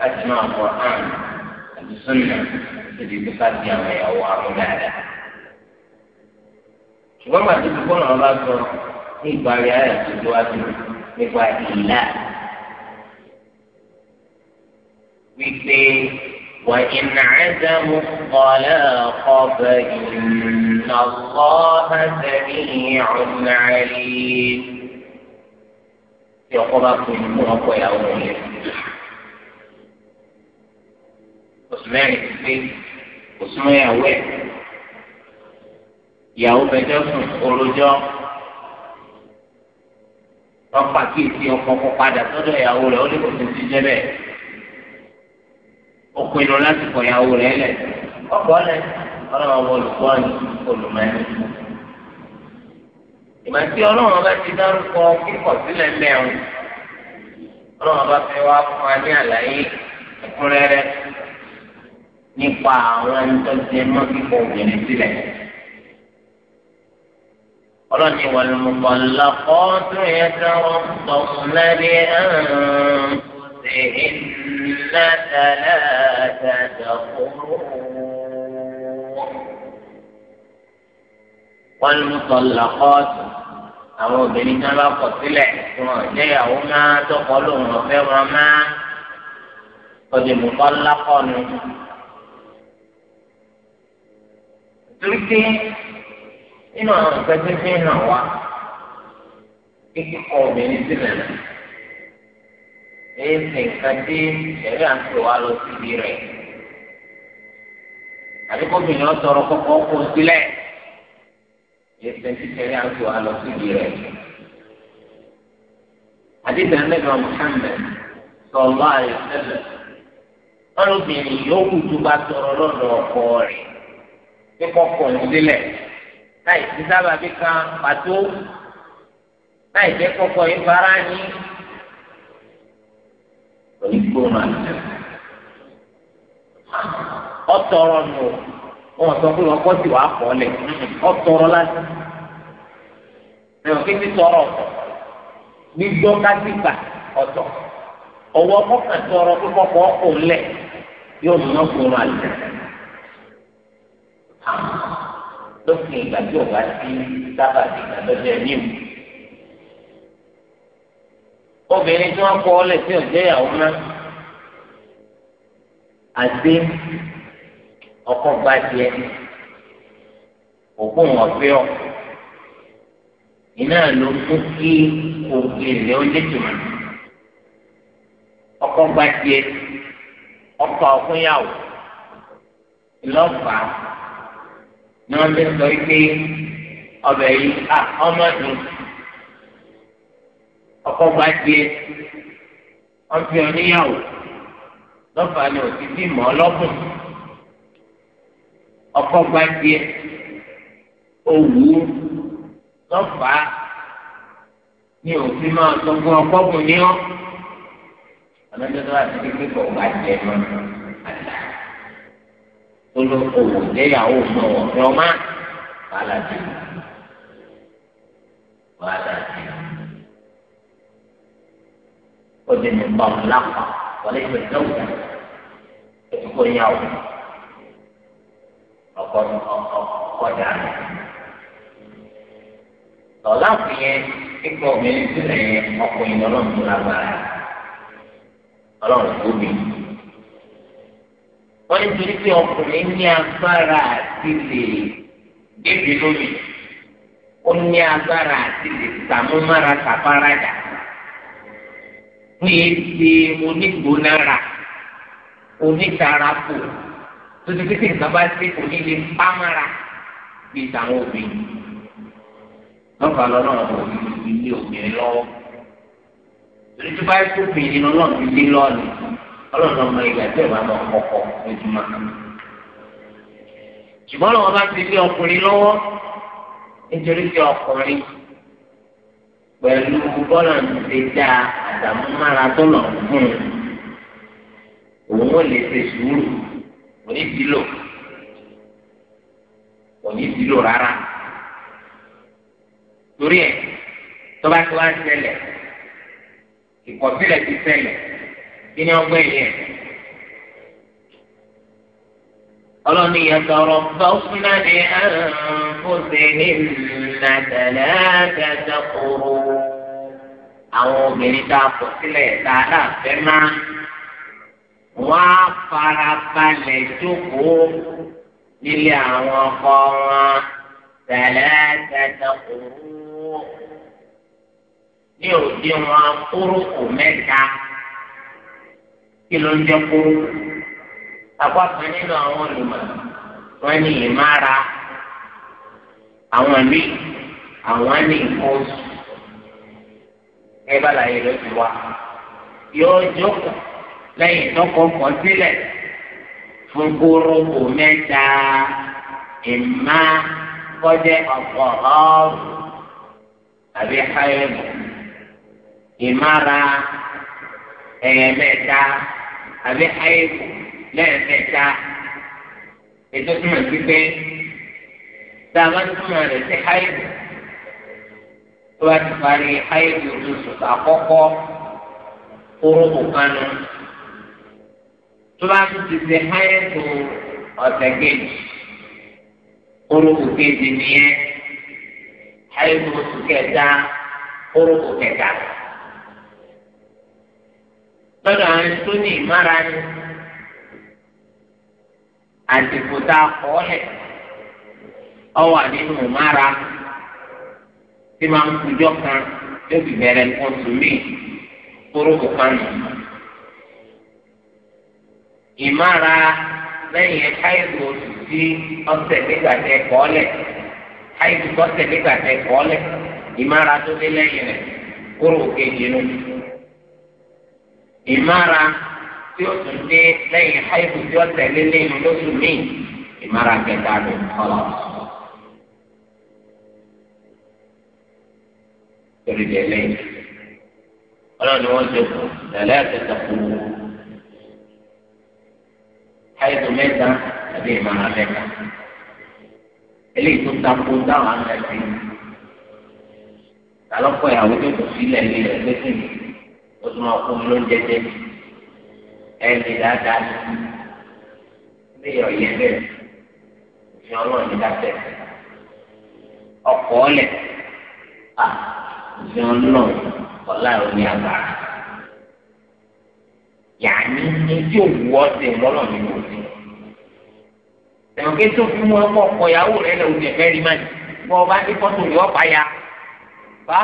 أسماء القرآن السنة التي تقدم يا الله ماذا ṣùgbọ́n màá tètè kọ́ ọ̀rọ̀ bá sọ ní ìparí ayé àtijọ́wájú nípa ìlà wípé wà ìnà ẹ̀dáàmú ọ̀lẹ́ ọ̀bẹ ìnà ọ̀hán tẹ̀lé ìyẹn ọ̀nà àlè. tí ọkọ bá kú ní mú ọkọ ìyàwó wọn lẹ oṣù mẹ́rin ti pé oṣù mẹyàwó ẹ ìyàwó bẹjọ sùn orojọ wọn pàkíyèsí ọkọ kọ padà sọ́dọ̀ ìyàwó rẹ̀ ó lè kó tó ti jẹ bẹ́ẹ̀ ó pinnu láti kọ ìyàwó rẹ̀ lẹ ọkọ lẹ Ọlọ́run olùkọ́ ni olùmọ ẹni ìgbà tí ọlọ́run bá ti dárúkọ kíkọ̀ sílẹ̀ mẹ́rin ọlọ́run bá fẹ́ wá fún wa ní àlàyé ẹ̀kúnrẹ́rẹ́ nípa àwọn ẹnitọ́jú ẹmọ́ kíkọ̀ obìnrin sílẹ̀. ọlọ́run ni wọ́n mú kọ́ lọ́kọ́ tó yẹ kí wọ́n tọ̀ lẹ́rí ẹ̀rùn ṣe ìnáta láta والمطلقات àwọn obìnrin náà bá kọ̀ sílẹ̀ tí wọ́n jẹ́ ìyàwó máa tọkọ lòun ọ̀fẹ́ wọn máa ọdẹ mọ̀kọ́ lákọ̀ọ́nù. torí pé nínú àwọn nǹkan tó fi hàn wá kíkọ́ obìnrin sílẹ̀ náà èyí sì nǹkan tí ẹ̀rí à ń lọ síbi rẹ̀ àbíkó obìnrin ọ̀sọ̀rọ̀ kọ́kọ́ kó sílẹ̀ ẹsẹ̀ntì kẹrin àti wàá lọ síbi rẹ̀. Àdìsẹ́ mẹ́fà Mùhàmmẹ́d sọ̀rọ̀ àìsẹ́lẹ̀. Ọlọ́bìnrin yóò kú tó bá tọrọ lọ́dọ̀ ọkọ rẹ̀ pé kọ́kọ́ ń sílẹ̀. Láì sí sábàbí kan pàtó. Láì jẹ́ kọ́kọ́ yín ní. Onígbòrò àti ọ̀tọ̀rọ̀ nù wọn sọ fún wọn kọ́sì wàá kọ́ lẹ̀ ọ̀tọ̀rọ̀ láti ẹ̀rọ kí ti tọrọ ọ̀tọ̀ gbígbọ́ kásìkà ọ̀tọ̀ ọwọ́ kọ́kàn tọrọ pípọ́ kọ́ òǹlẹ̀ yóò mú wọn fún wọn àlẹ́ lókè ìgbà tí o bá sí sábà dìgbà lọ́jọ́ ẹ̀mí o obìnrin tí wọ́n kọ́ ọ́ tí ò jẹ́ ìyàwó náà àti ọkọ gba tiẹ̀ òkú wọn fi ọ iná ló mú kí òkè rẹ ó létòmọ ọkọ gba tiẹ̀ ọkọ ọkúnyàwó lọfàá ni wọn fi sọ pé ọbẹ̀ yìí a ọmọ dùn ọkọ gba tiẹ̀ wọn ọ níyàwó lọfàá ni òtítì mọ ọlọgùn ọkọ gbadìẹ owó lọfà ní òfin máa sọ fún ọkọ gùn ní ọ ọlọ́dọ́dọ́ àti kékeré kọ̀ gbadìẹ mọ́ àlá tó owó léyàwó mọ́ ọ̀rọ̀ má wàhálà dé wàhálà ó dé ní bàmù wọlé ìgbẹ́ dọ́wọ́ ẹ̀kọ́ yàwó ọkọ ọkọjà rẹ lọlá fìyẹn kíkọ obìnrin sílẹ̀ yẹn ọkùnrin ọlọ́run tó lágbára ọlọ́run tó bí wọn nítorí pé ọkùnrin ní agbára àti lè débi lórí ó ní agbára àti lè sàmúmára sàfáradà ní èsì onígbónára onítàràpọ̀ tuntun títí nǹkan bá ṣe kò ní lè pámára bíi tàwọn obìnrin lọ́kàn lọ́nà ilé obìnrin lọ́wọ́ torí tó bá ṣe obìnrin lọ́nà ilé lọ́ọ̀nì ọlọ́run ọmọ ìgbà tí ìwà máa kọ́kọ́ ojúmọ́ ṣùgbọ́n lọ́wọ́ bá ti lé ọkùnrin lọ́wọ́ nítorí pé ọkùnrin pẹ̀lú bọ́lá ń ṣe dá àdàmúmára tó lọ fún un òun ò lè ṣe sùúrù òní bìlò òní bìlò rárá torí ẹ tọ́ba tó wá ṣẹlẹ̀ ìkọ̀sílẹ̀ ti ṣẹlẹ̀ kí ni ọgbẹ́ yẹn ọlọ́ni yàtọ̀rọ̀ fọ́fúnà ní àǹfọ̀sẹ̀ nàdàlẹ́ àgàdà àwọn obìnrin tá a kọ̀ sílẹ̀ tá a dà fẹ́ máa. wọ́n á farabalẹ̀ jókòó nílé àwọn ọkọ wọn tẹ́lẹ̀ tẹ́tẹ́ òwúrò ní òdi wọn kúrúkù mẹ́ta kí ló ń jẹ́ nínú àwọn olùmọ̀ wọn ní ìmára àwọn àwọn ní lẹ́yìn tọkọkọ sílẹ̀ fún gbórógbò mẹ́ta ìmá kọjá ọ̀pọ̀ ọ́ọ̀rù àbí háyẹ̀mù ìmára ẹ̀yẹ̀mẹ́ta àbí háyẹ̀mù lẹ́ẹ̀mẹ́ta ètò túmọ̀ sí pé tá a bá túmọ̀ rẹ̀ sí háyẹ̀mù tó bá ti parí háyẹ̀mù oṣù àkọ́kọ́ kúrò kò tó bá tún ti ṣe háyẹ́tò ọ̀sẹ̀ kejì orúkọ kejì nìyẹn háyẹ́tò oṣù kẹta orúkọ kẹta. lọ́dọ̀ àwọn tó ní ìmára ni àtìkù tá a kọ́ ọ́lẹ̀ ìmára tí ń kan bẹ̀rẹ̀ nǹkan orúkọ kan ìmára lẹ́yìn káyọ̀tò tí ọ̀sẹ̀ nígbà tẹ kọ́ lẹ̀ káyọ̀tò tọ́sẹ̀ nígbà tẹ kọ́ lẹ̀ ìmára tó dé lẹ́yìn rẹ̀ kúrò kejì nù. ìmára tí ó tún dé lẹ́yìn káyọ̀tò tí ọ̀sẹ̀ lé lẹ́yìn lóṣù míì ìmára kẹta ló kọ́lọ̀. torí dé lẹ́yìn ọlọ́run ni wọ́n jókòó lẹ́lẹ́ àti ẹ̀sẹ̀ kúrò káyọ̀dù mẹ́ta àbí ìmọ̀ràn mẹ́ta eléyìí tó takò dáhùn àgbàdì alọ́pọ̀ ìyàwó tó kù sílẹ̀ ní ẹgbẹ́sìn ó tún máa kó ló ń jẹjẹ ẹni dáadáa ní ilé ọ̀yẹ́ bẹ́ẹ̀ òfin ọlọ́run ní dáfẹ́ ọkọ̀ ọ̀lẹ̀ à òfin ọlọ́run ọ̀la ò ní yàní etí òwú ọsẹ lọ́nà nínú òfin tẹ̀wọ́kẹ́ tó fi mú ọkọ̀ ọ̀yàwó rẹ̀ lẹ́wọ́ ní ẹ̀fẹ́ rí má ní bọ́ ọba ní fọ́tò ní ọ̀pá ya bá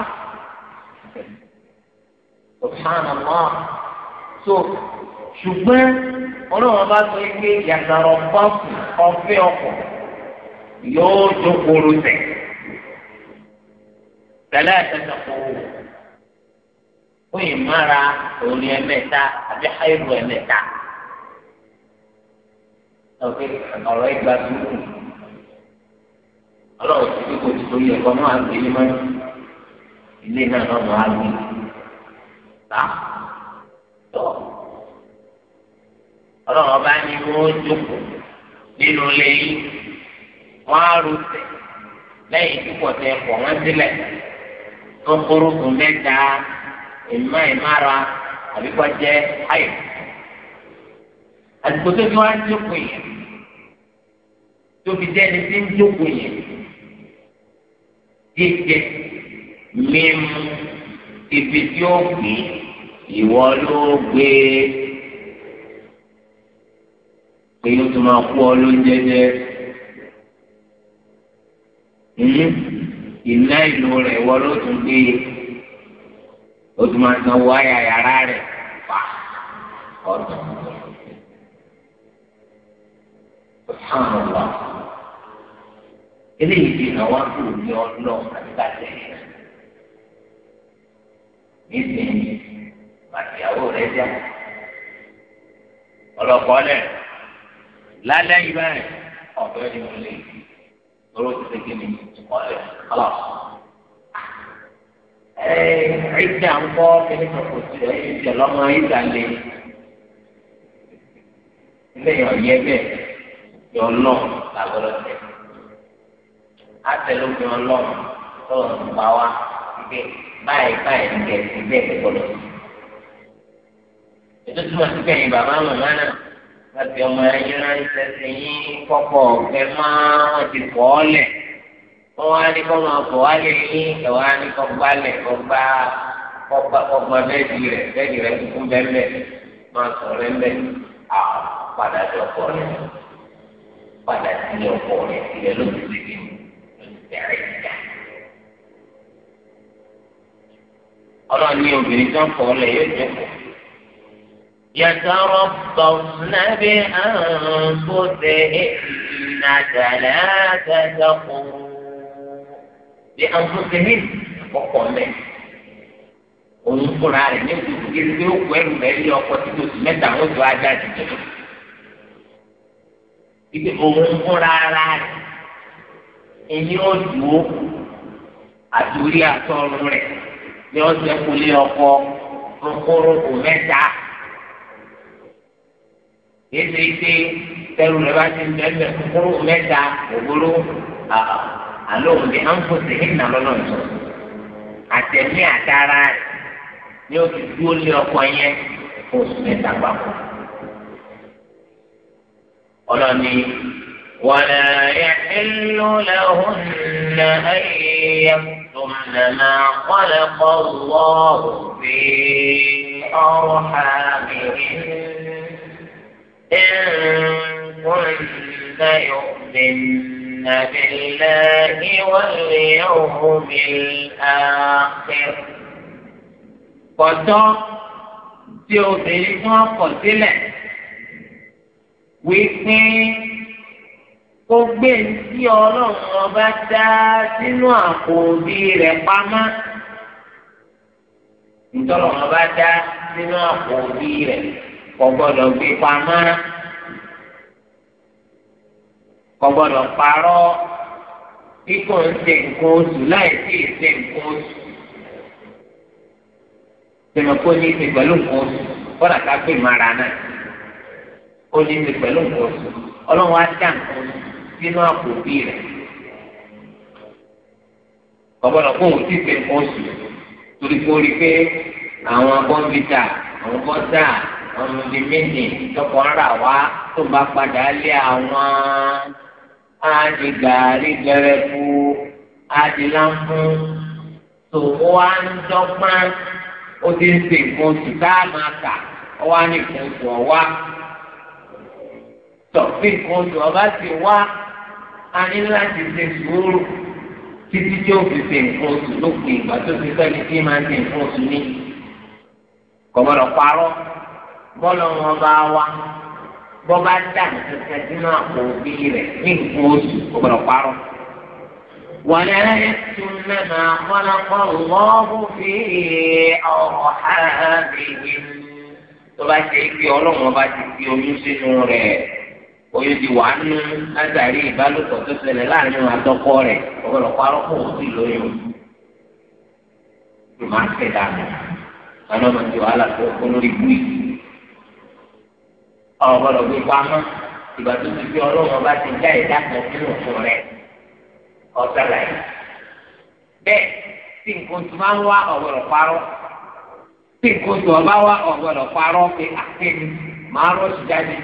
subhanallah so ṣùgbọ́n ọlọ́run bá sọ pé yàtọ̀rọ̀ bọ́ọ̀sì ọ̀fẹ́ ọkọ̀ yóò jókòó rú tẹ̀ tẹ̀lé ẹ̀sẹ̀ tẹ̀ kó o fún ìmára òní ẹ̀mẹ́ta àbí háìlù ẹ̀mẹ́ta. ọ̀kẹ́ ọ̀rọ̀ ìgbà dúró ọlọ́run ti kó ti torí ẹ̀kọ́ náà àgbè ní mọ́ ilé náà náà mọ́ àgbè tá tọ́ ọlọ́run ọba ni wọ́n jókòó nínú ilé yìí wọ́n á ro tẹ̀ lẹ́yìn tí pọ̀ tẹ̀ pọ̀ wọ́n sílẹ̀ tó kúrú kún mẹ́ta ìmọ̀ ìmára àbí kọ́ jẹ́ ayọ̀. àsìkò tó fi wá ń jókòó yẹn tó fi jẹ́ ẹni tí ń jókòó yẹn jíjẹ mímu ibi tí ó gbé ìwọ ló gbé pé ó tún máa kú ọ lóúnjẹ jẹ ìná hmm? ìlú rẹ̀ ìwọ ló tún gbé ó tún máa san owó àyà yàrá rẹ̀ wá ọ̀dọ̀ subhanallah eléyìí fi hàn wá kúrò ní ọlọ́run àti bàtẹ́ nísìnyí màtìyàwó rẹ̀ dá ọlọ́kọ́ lẹ̀ ládàá yìí báyìí ọ̀dọ́ ni mo lè fi ti ṣe kí ni ọ̀rẹ́ kọ́lá. ìdá ń bọ́ kíní kọ̀kọ̀ sí ẹ̀ ìjọlọ́mọ ìdá lé lẹ́yìn ọ̀yẹ́ bẹ́ẹ̀ yọ lọ́ọ̀ làgbọ́dọ̀ tẹ̀. Àtẹlómi ọlọ́ọ̀ tọ̀rọ̀ ń bá wa pé báyìí wọn wá ní kọ́ máa bọ̀ wá lè ní ẹ̀wọ̀n á ní kọ́ gbálẹ̀ kọ́ gbá kọ́gbá kọ́gbá bẹ́ẹ̀dì rẹ̀ bẹ́ẹ̀dì rẹ̀ kúkú bẹ́ẹ̀ máa sọ rẹ̀ bẹ́ẹ̀ à padà sí ọkọ rẹ̀ padà sí ọkọ rẹ̀ ilẹ̀ ló ti di ìjà. ọlọ́run ní obìnrin tó ń fọ́ lẹ̀ yóò jẹ́ kó. يتربصن بأنفسهن ثلاثة قرون bí àǹfọ̀sẹ̀hìn ọkọ̀ mẹ́. òun fúnra rẹ̀ ní kùtù kiri pé ó kọ ẹrù rẹ̀ lé ọkọ̀ títí oṣù mẹ́ta wọ́n tó ajá jìjẹ́. ibi òun fúnra ara rẹ̀ ẹni ó dúró àdúrí àtọ́rù rẹ̀ ní ọ̀sẹ̀ kulé ọkọ̀ rúkúrúkú mẹ́ta yéésì pé tẹ́rù rẹ̀ bá ti ń bẹ́ẹ̀ mẹ́ta ògbóró àà àlọ́ òun bí àǹfọ̀sì hìnnà lọ́nà ìṣọ̀ àtẹ̀mí àtara rẹ̀ ni ó ti dúró lé ọkọ yẹn fún oṣù mẹ́ta gbàgbọ́. ọlọ́ni wàlẹ̀ ẹ̀ẹ́lú lẹ́hùn nà ẹ̀yẹ tòmìnà náà wàlẹ̀ kọ́ lọ́ọ̀rù fi ọ̀rọ̀ àmì إن كنت يؤمن بالله واليوم الآخر kọtọ tí obìnrin tí wọn kọ sílẹ̀ wípé kó gbé tí Ọlọ́run ọba dá sínú àpò òbí rẹ̀ pamọ́ nítorí ọba dá sínú àpò òbí rẹ̀ kò gbọ́dọ̀ gbé pamọ́ kò gbọ́dọ̀ parọ́ kíkò ń ṣe nǹkan oṣù láì sí ìṣe nǹkan oṣù tẹmọ kó ní ìṣe pẹ̀lú nǹkan oṣù kọ́dà ká pè mara náà ó ní ìṣe pẹ̀lú nǹkan oṣù ọlọ́run á dá nǹkan oṣù sínú àpò bí rẹ̀ kò gbọ́dọ̀ kó òun sì ṣe nǹkan oṣù torí kó rí pé àwọn bọ́ǹbìtà àwọn bọ́ǹtà àwọn ọmọdé méjì tọkọ ń rà wá tó bá padà lé àwọn adi gaari gbẹrẹfu adi lampu tó wá ń dọ́gba ó ti ń sè nǹkan oṣù tá a máa kà ó wá ní nǹkan oṣù ọ̀wá tọ̀ bí nǹkan oṣù ọba ti wá a ní láti ṣe sùúrù títí tí ó fi ṣe nǹkan oṣù lópin ìgbà tó fi sẹ́ni tí máa ń ṣe nǹkan oṣù ní kọ̀mọ́dọ̀ parọ́ bọ́lọ̀ wọn bá wá bọ́ba dà kankan sínú àpò òbí rẹ̀ ní nǹkan oṣù ọ̀gbọ̀dọ̀ parọ́. ولا يكتمن ما خلق الله في أرحامهم tó bá ṣe é pé ọlọ́run ọba ti fi oyún sínú rẹ̀ oyún ti wà nù látàrí ìbálòpọ̀ tó ṣẹlẹ̀ láàrin àtọkọ rẹ̀ ọ̀pọ̀lọpọ̀ arọ́pọ̀ ò sì lóyún ìmọ̀ àti ẹ̀dá mi ọlọ́run ti wàhálà tó kó lórí búìkì ọ̀rọ̀ gbọ́dọ̀ gbé pamọ́ ìgbà tó ti fi ọlọ́run ọba ti já ìdá kan sínú fún rẹ ọ̀sálà yìí. bẹ́ẹ̀ tí nǹkan tó máa ń wá ọ̀gbọ̀dọ̀ parọ́ tí nǹkan tó ọba wá ọ̀gbọ̀dọ̀ parọ́ pé àkéwì máa rọ́ọ̀sì jáde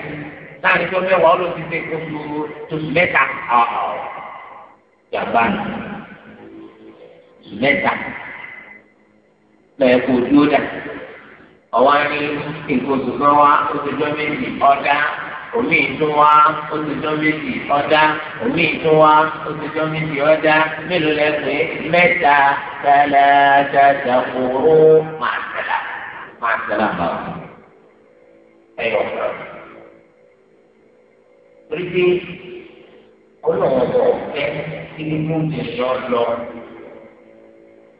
láàrin tó mẹ́wàá ó ló ti ṣe oṣù oṣù mẹ́ta jàmbá oṣù mẹ́ta lọ́yẹ̀ kó dà ọwọ́ ní nǹkan oṣù kan wá oṣooṣọ́ méjì ọ̀dá omi ìtún wá oṣooṣọ́ méjì ọ̀dá omi ìtún wá oṣooṣọ́ méjì ọ̀dá mélòó lẹ́gbẹ̀ẹ́ mẹ́ta tẹ́lẹ̀tẹ́tẹ́ kúrú máa tẹ̀lá máa tẹ̀lá báwò ẹ̀yọ̀ kan. orí pé ọlọ́run ọ̀fẹ́ kí ni ti sọ lọ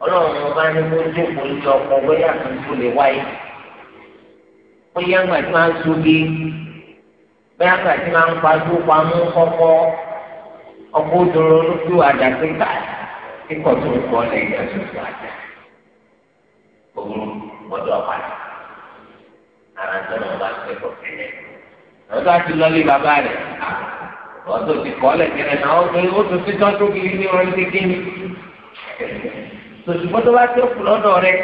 ọlọ́run ọba ní mo jókòó ní ọkọ̀ bóyá tuntun lè wáyé ó yẹ ńgbà tí máa ń sogi bẹ́ẹ̀ ńgbà tí máa ń pa tó pamọ́ kọ́kọ́ ọkọ̀ òdòrò lójú àdá tó gbà kíkọ̀ tó ń kọ́ lẹ́yìn ẹ̀sùn àdá òun gbọ́dọ̀ padà ara tó náà bá ṣe kọ̀ tẹ́lẹ̀ lọ́dọ̀ àti lọ́lé bàbá rẹ̀ wọ́n ti kọ́ lẹ̀ tẹ́lẹ̀ náà ó tó ti tán tó kiri ní orin kékeré tòṣùpọ̀ tó bá tó kù lọ́dọ̀ rẹ̀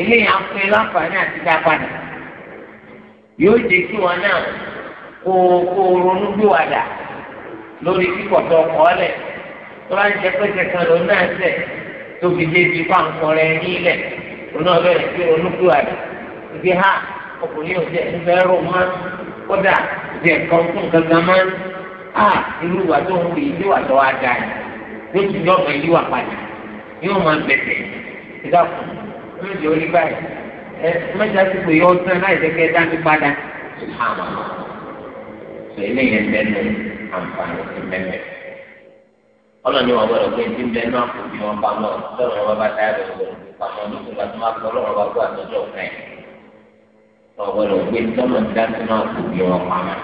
eléyà ń pè láǹfààní àti dá padà yóò jẹ́ kí wọn náà kó kó ronú gbéwàdà lórí kíkọ̀tọ̀ ọ̀kọ́lẹ̀ tó bá ń jẹ pẹ́sẹ̀ kan lòun náà sẹ̀ tó fi dé ibi pàǹkan rẹ̀ nílẹ̀ òun náà bẹ̀rẹ̀ sí ronú gbéwàdà ibi ha ọkùnrin yóò jẹ́ ẹ̀fẹ́ rò mọ́ kódà ìfẹ́ kan fún gangan mọ́ a irú wa tó ń wù yìí níwà tó wá da yìí lójú yóò mọ ìlú wa padà yóò mọ bẹ̀tẹ̀ ìdáfún yóò jẹ́ orí báyìí ẹ mẹ́ta ti pè yọ ọtún láì dẹ́kẹ́ dání padà sùpàmù sọ eléyìí mẹ́nu àǹfààní ti mẹ́mẹ́ ọlọ́ni wọn gbọ́dọ̀ pé ti mẹ́nu àkùnbí wọn pamọ́ lọ́rọ̀ wọn bá dáa lọ sọ̀rọ̀ pamọ́ nítorí wọn tó máa kọ́ lọ́rọ̀ wọn kó àtọ́jọ́ ọ̀kan yìí wọn gbọ́dọ̀ pé tọ́lọ̀ dáná àkùnbí wọn pamọ́.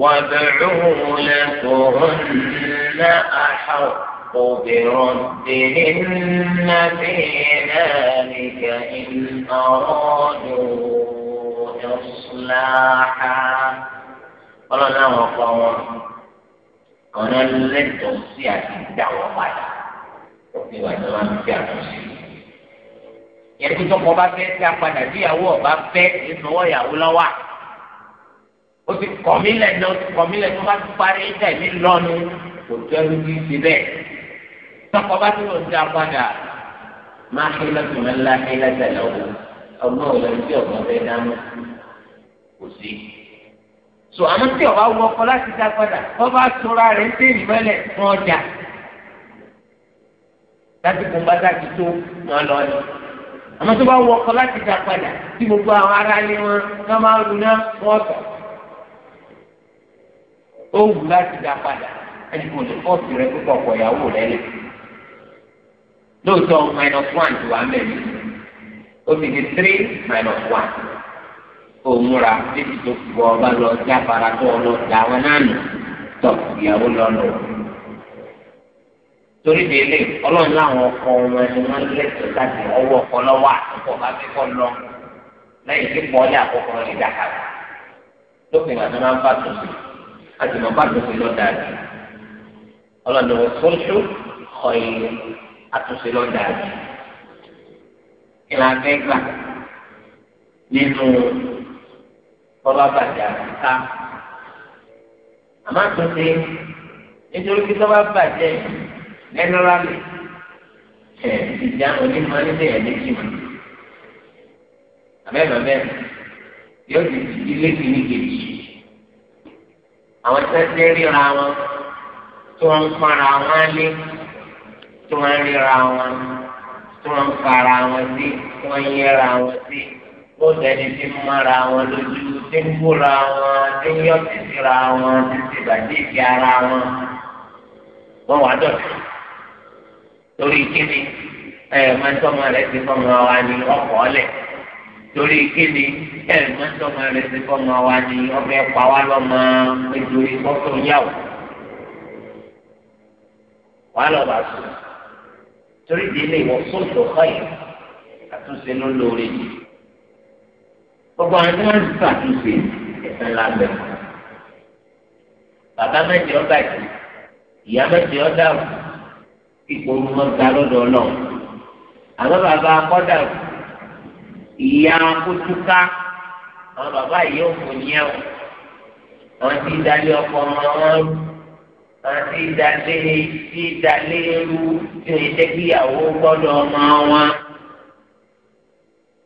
وبعولتهن أحق وبرد في ذلك إن أرادوا إصلاحا قال لا وقوم أنا لن توصيك الدعوة بعد níwà tí wọn fi àtúnṣe yẹn tó tọkọ bá fẹ́ tí a padà bí ìyàwó ọba fẹ́ ìsanwó ìyàwó lọ́wọ́ ó ti kọ̀ mí lẹ́nu ti kọ̀ mí bá ti parí ìjà mi lọ́nu kò tó ẹrú kí ti bẹ́ẹ̀ tọkọ bá ti lòun ti apádà máa ṣe lọ́sùn ńlá ṣe lẹ́sẹ̀ lọ́wọ́ ọgbọ́n ò lọ́ọ́ tí ọ̀gbọ́n fẹ́ dáná kò sí. so àmọ́ tí ọba wọ ọkọ láti dá padà wọ́n bá sọra rẹ̀ ń tẹ̀lé mọ́lẹ̀ fún ọjà láti kún bá dájú tó wọn lọ ni àmọ́ tó bá wọ ọkọ láti dá padà tí gbogbo àwọn ará ilé wọn ká máa rú náà wọ́n tọ̀ ó wù láti dá padà ẹni kò lè fọ́ọ̀sì rẹ púpọ̀ pọ̀ ìyàwó rẹ lóòótọ́ minus one ti wà mẹ́rin ó fi three minus one òmùra títí tó gbọ́ ọba lọ jáfara tó ọ lọ dà wọn náà nù tọ̀ ìyàwó lọ́nà torí délé ọlọ́run láwọn ọkọ wọn ni wọ́n lẹ́sọ̀ọ́ láti ọwọ́ ọkọ lọ́wọ́ àtúkọ̀ bá fi kọ́ lọ lẹ́yìn tí bọ́ọ̀lì àkọ́kọ́ rẹ̀ dàkàrà lópin àti máa ń bá tòṣì àti máa bá tòṣì lọ́dà jù ọlọ́run ni wọ́n sọ́ṣù ọ̀yẹ́ àtúnṣe lọ́dà rẹ̀ ìlànà ẹgbà nínú tọ́lábàjá ká àmọ́ àtúnṣe nítorí pé tọ́ba bàjẹ́ jẹ́nẹ́rálì ẹ̀ ìjà onímọ̀ nílé ẹ̀ méjì mọ́ àbẹ́rẹ́ bẹ́ẹ̀ yóò di ilé kìíní kejì àwọn tẹ́tẹ́ ríra wọn tí wọ́n ń para wọn lé tí wọ́n ríra wọn tí wọ́n fara wọn sí tí wọ́n yẹra wọn sí ó dẹni tí ń mọ́ra wọn lójú tí ń búra wọn tí ń yọ títìra wọn títí bàjẹ́ ìdí ara wọn wọ́n wá dọ̀tí torí kíni ẹ̀ máa ń tọ́mọ rẹ̀ ti fọ́mọ wa ní ọkọ̀ ọ̀lẹ̀ torí kíni ẹ̀ máa ń tọ́mọ rẹ̀ ti fọ́mọ wa ní ọbẹ̀ pa wá lọ́mọ nítorí kọ́tò yàwó wàá lọ́ba sùn torí di ilé ìwọ sóńtò káyì àtúnṣe ló lóore jù gbogbo àwọn tí wọn ti ṣàtúnṣe ẹsẹ ńlá bẹ wọn bàbá mẹ́jọ bàjẹ ìyá mẹ́jọ dàrú ipò wọn ga lọ́dọ̀ Ọlọ́run àwọn bàbá akọdà ìyá akótúká àwọn bàbá yìí ò fún yẹn o wọn ti dalẹ ọkọ wọn rú àti ìdálé ìdálé eru tí o yẹ jẹ́ kí ìyàwó gbọ́dọ̀ ọmọ wọn.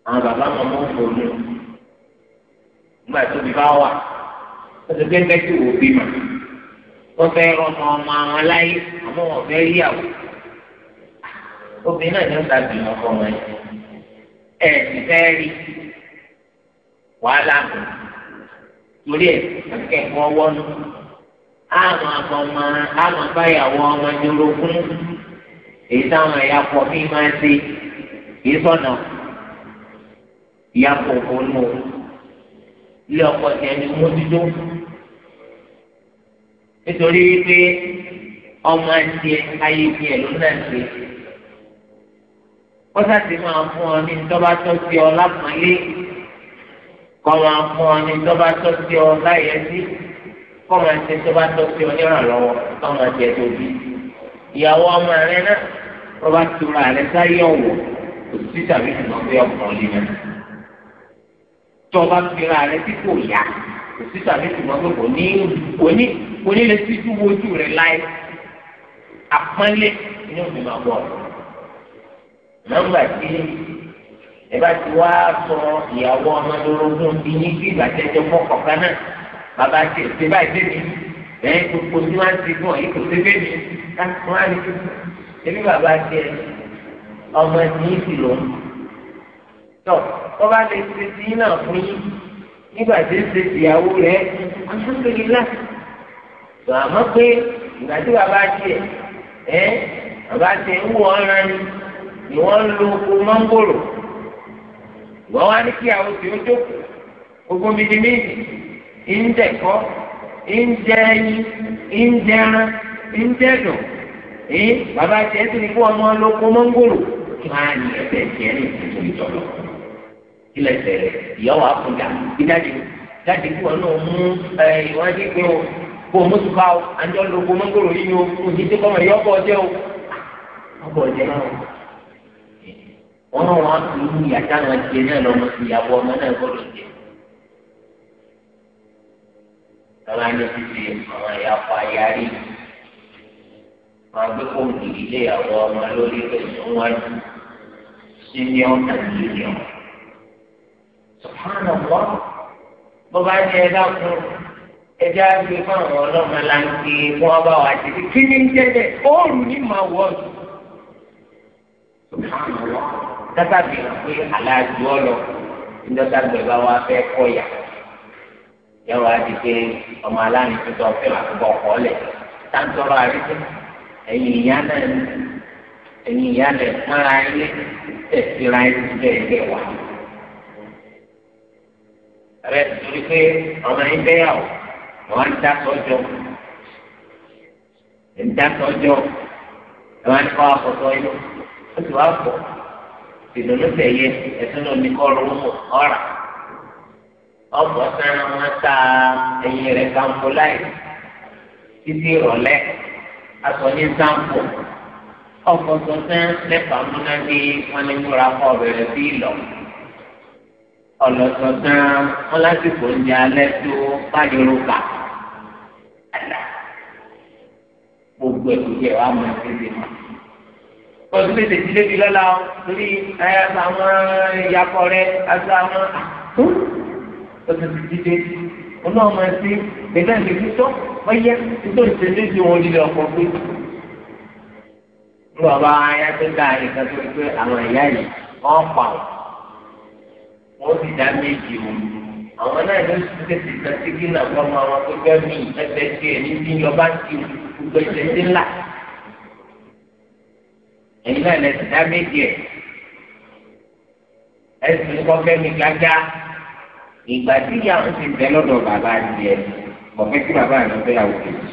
àwọn bàbá màmá ń fòlù nígbà tó bí bá wà wọ́n ti gbé mẹ́tì wò bímọ wọ́n fẹ́ rọmọ ọmọ àwọn láyé àmọ́ wọ́n fẹ́ rí ìyàwó. obìnrin náà ní ọ̀sán bímọ fún wọn ẹ̀ ti fẹ́ rí wàhálà torí ẹ̀ kẹ́kẹ́ wọ́n wọ́n àwọn àfọmọ àwọn abáyàwó ọmọ ìdúrógún èyí táwọn ẹ̀yà pọ̀ mí máa ṣe yìí sọ̀nà ìyá kòkó nù ilé ọkọ tiẹ̀ ní mójútó nítorí wípé ọmọ tiẹ̀ ayé tiẹ̀ ló náà ṣe kọ́sà ti máa fún ọ ní tọ́ba tó ti ọ lápọ̀nlé kọ́ máa fún ọ ní tọ́ba tó ti ọ láyẹ̀sí kọ́ máa ṣe tó bá tọ́ sí onírànlọ́wọ́ kọ́ máa jẹ tó bí. ìyàwó ọmọ rẹ náà wọ́n bá tura rẹ sáyé ọ̀wọ̀ kò sí tàbí ìmọ̀ bí ọkùnrin lè mẹ́. tó o bá tura rẹ tí kò yá kò sí tàbí ìmọ̀ pé kò ní òní òní lè síjú wojú rẹ láì àpọ́nlé ní òfin máa bọ̀. nọ́mbà tí ẹ bá ti wá sọ ìyàwó ọmọdé orogún bí ní bí ìgbà tẹ́jọ́ fọ́kọ̀ọ́ kan náà bàbá ti ṣe báyìí débi ẹ̀yìn gbogbo tí wọ́n ti gbọ̀n yìí kò ṣe débi wọ́n á ní kí ebi bàbá tiẹ̀ ọmọ ẹ̀sìn sì lò ń tọ̀ wọ́n bá lè ṣe ti náà fún yín nígbà tí ń ṣe ìyàwó rẹ̀ alhamdulilá tó àmọ́ pé ìgbà tí bàbá tiẹ̀ ẹ̀ bàbá tiẹ̀ ń wọ ọ̀ràn ni ni wọ́n lo oko mọ́ngòrò wọ́n wá ní kí tí ó jókòó gbogbo mi di méjì ńdẹ̀kọ́ ńdẹ́yìn ńdẹ́ran ńdẹ́dọ̀ ee bàbá tiẹ̀ tó ní kó ọmọ lóko mọ́ngòrò máa ní ẹsẹ̀ tiẹ̀ ní ìtòlì tọ̀lọ̀ ilẹ̀ tẹ̀lẹ̀ ìyàwó àkùnjà ìdájì dájì kí wọn náà mú ìwádìí pé o kó o mú tuka o àjọ lóko mọ́ngòrò yìí o kò ní tí kọ́mọ ìyọ́kọ̀ ọjẹ́ o ọkọ̀ ọjẹ́ náà wọn náà wọn á fi ìyàtá wọn tiẹ̀ náà lọ́mọ lọ́la ní títí àwọn ẹ̀yà pa yarí máa gbé kóńtì ilé ìyàwó ọmọ lórí ẹ̀sùn wájú síníọ̀n nàìjíríà sọ̀fánà wọ́n bó bá ní ẹ̀dá fún ẹjẹ́ àgbẹ̀ fún ọlọ́mọ láǹkì fún ọba wa ti di kí ni jẹ́jẹ́ òòrùn ní màá wọ̀ sọ̀fánà wọ́n dábàbí hàn pé aláàjù ọ̀lọ́ ìjọba gbẹ̀bá wa fẹ́ kọ́ yàtọ̀ yẹ wá di pé ọmọ aláàánú tó tọ́ fẹ́ àtúbọ̀ kọ́ lẹ̀ táǹtọ́rọ̀ àríkú ẹ̀yìn ìyá náà ẹ̀yìn ìyá lẹ̀ mọ́ra ilé tẹ̀síra ilé bẹ́ẹ̀ bẹ́ẹ̀ wá. rẹ̀ torí pé ọmọ yín bẹ́yàwó wọ́n á ń dá sọ́jọ́ ń dá sọ́jọ́ ẹ̀ wá ní kọ́ àkọ́sọ́ yín ó sì ìdùnnú tẹ̀yẹ ẹ̀sìn náà kọ́ ọ̀rọ̀ ọ̀rà ọ̀pọ̀ fẹ́ràn wọn ta ẹ̀yìn rẹ̀ kanko láì títí ìrọ̀lẹ́ aṣọ ní sáǹpù ọ̀pọ̀ tuntun lẹ́fà múná bí wọ́n ní múra kọ́ bẹ̀rẹ̀ sí ìlọ. ọ̀lọ́sọ̀ tán wọ́n lásìkò oúnjẹ alẹ́ tó báyọ̀rọ̀kà àlà gbogbo ẹ̀kúnjẹ wa mọ̀ títí mọ̀. oṣù tètè ti débi lọ́la lórí àwọn ìyàpọ̀ rẹ̀ àti àwọn. Ah, lọ́sẹ̀ ti dídé ọ̀nà ọmọ ẹsẹ̀ ẹ̀dá ìgbésí tọ́ ọ̀yẹ́ ìgbó ìṣẹ̀lẹ̀ ti wọn lílẹ̀ ọkọ̀ pé. ní bàbá ayá tó dáa nìkan tó pé àwọn ìyá yìí wọ́n pa ọ̀ wọ́n sì dá méjì o àwọn náà ló ti tètè kan sí kí náà wọ́n máa tó fẹ́ mí ẹgbẹ́ tiẹ̀ ní bí yọba ti gbogbo ìṣẹ̀lẹ̀ ńlá èyí náà lẹ́sìn dá méjì ẹ̀ ẹ̀sìn kọ́kẹ́ mi gágá ìgbà tí ìyá ń ti bẹ lọ́dọ̀ bàbá tiẹ̀ bọ̀fẹ́ tí bàbá rẹ̀ fẹ́ yàwó kejì.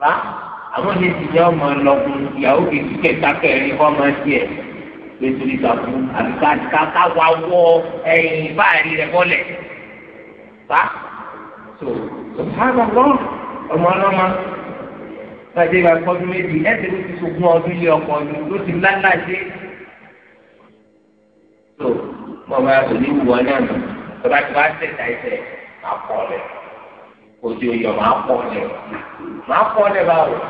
bá àwọn ní ti jẹ́ ọmọ ọlọ́gun ìyàwó kejì kẹta kẹrin kọ́ máa tiẹ̀ lóṣù ìtàkùn àti káàkà wà wọ ẹ̀yìn báàrí rẹ̀ bọ́lẹ̀. bá tó sọ̀tàbà lọ ọmọ ọlọ́mọ gbàdé bá kọ́dún méjì ẹ̀sẹ̀ ló ti sọ̀kún ọdún ilé ọkọ̀ ọdún ló ti lálàjẹ́. tó mọ̀ bá òní wù ọ náà tọ́ba tí wàá tẹ̀sí àìsẹ̀ máa pọ̀ lẹ̀ ojú iyọ̀ máa pọ̀ lẹ̀ máa pọ̀ lẹ̀ báwo nígbà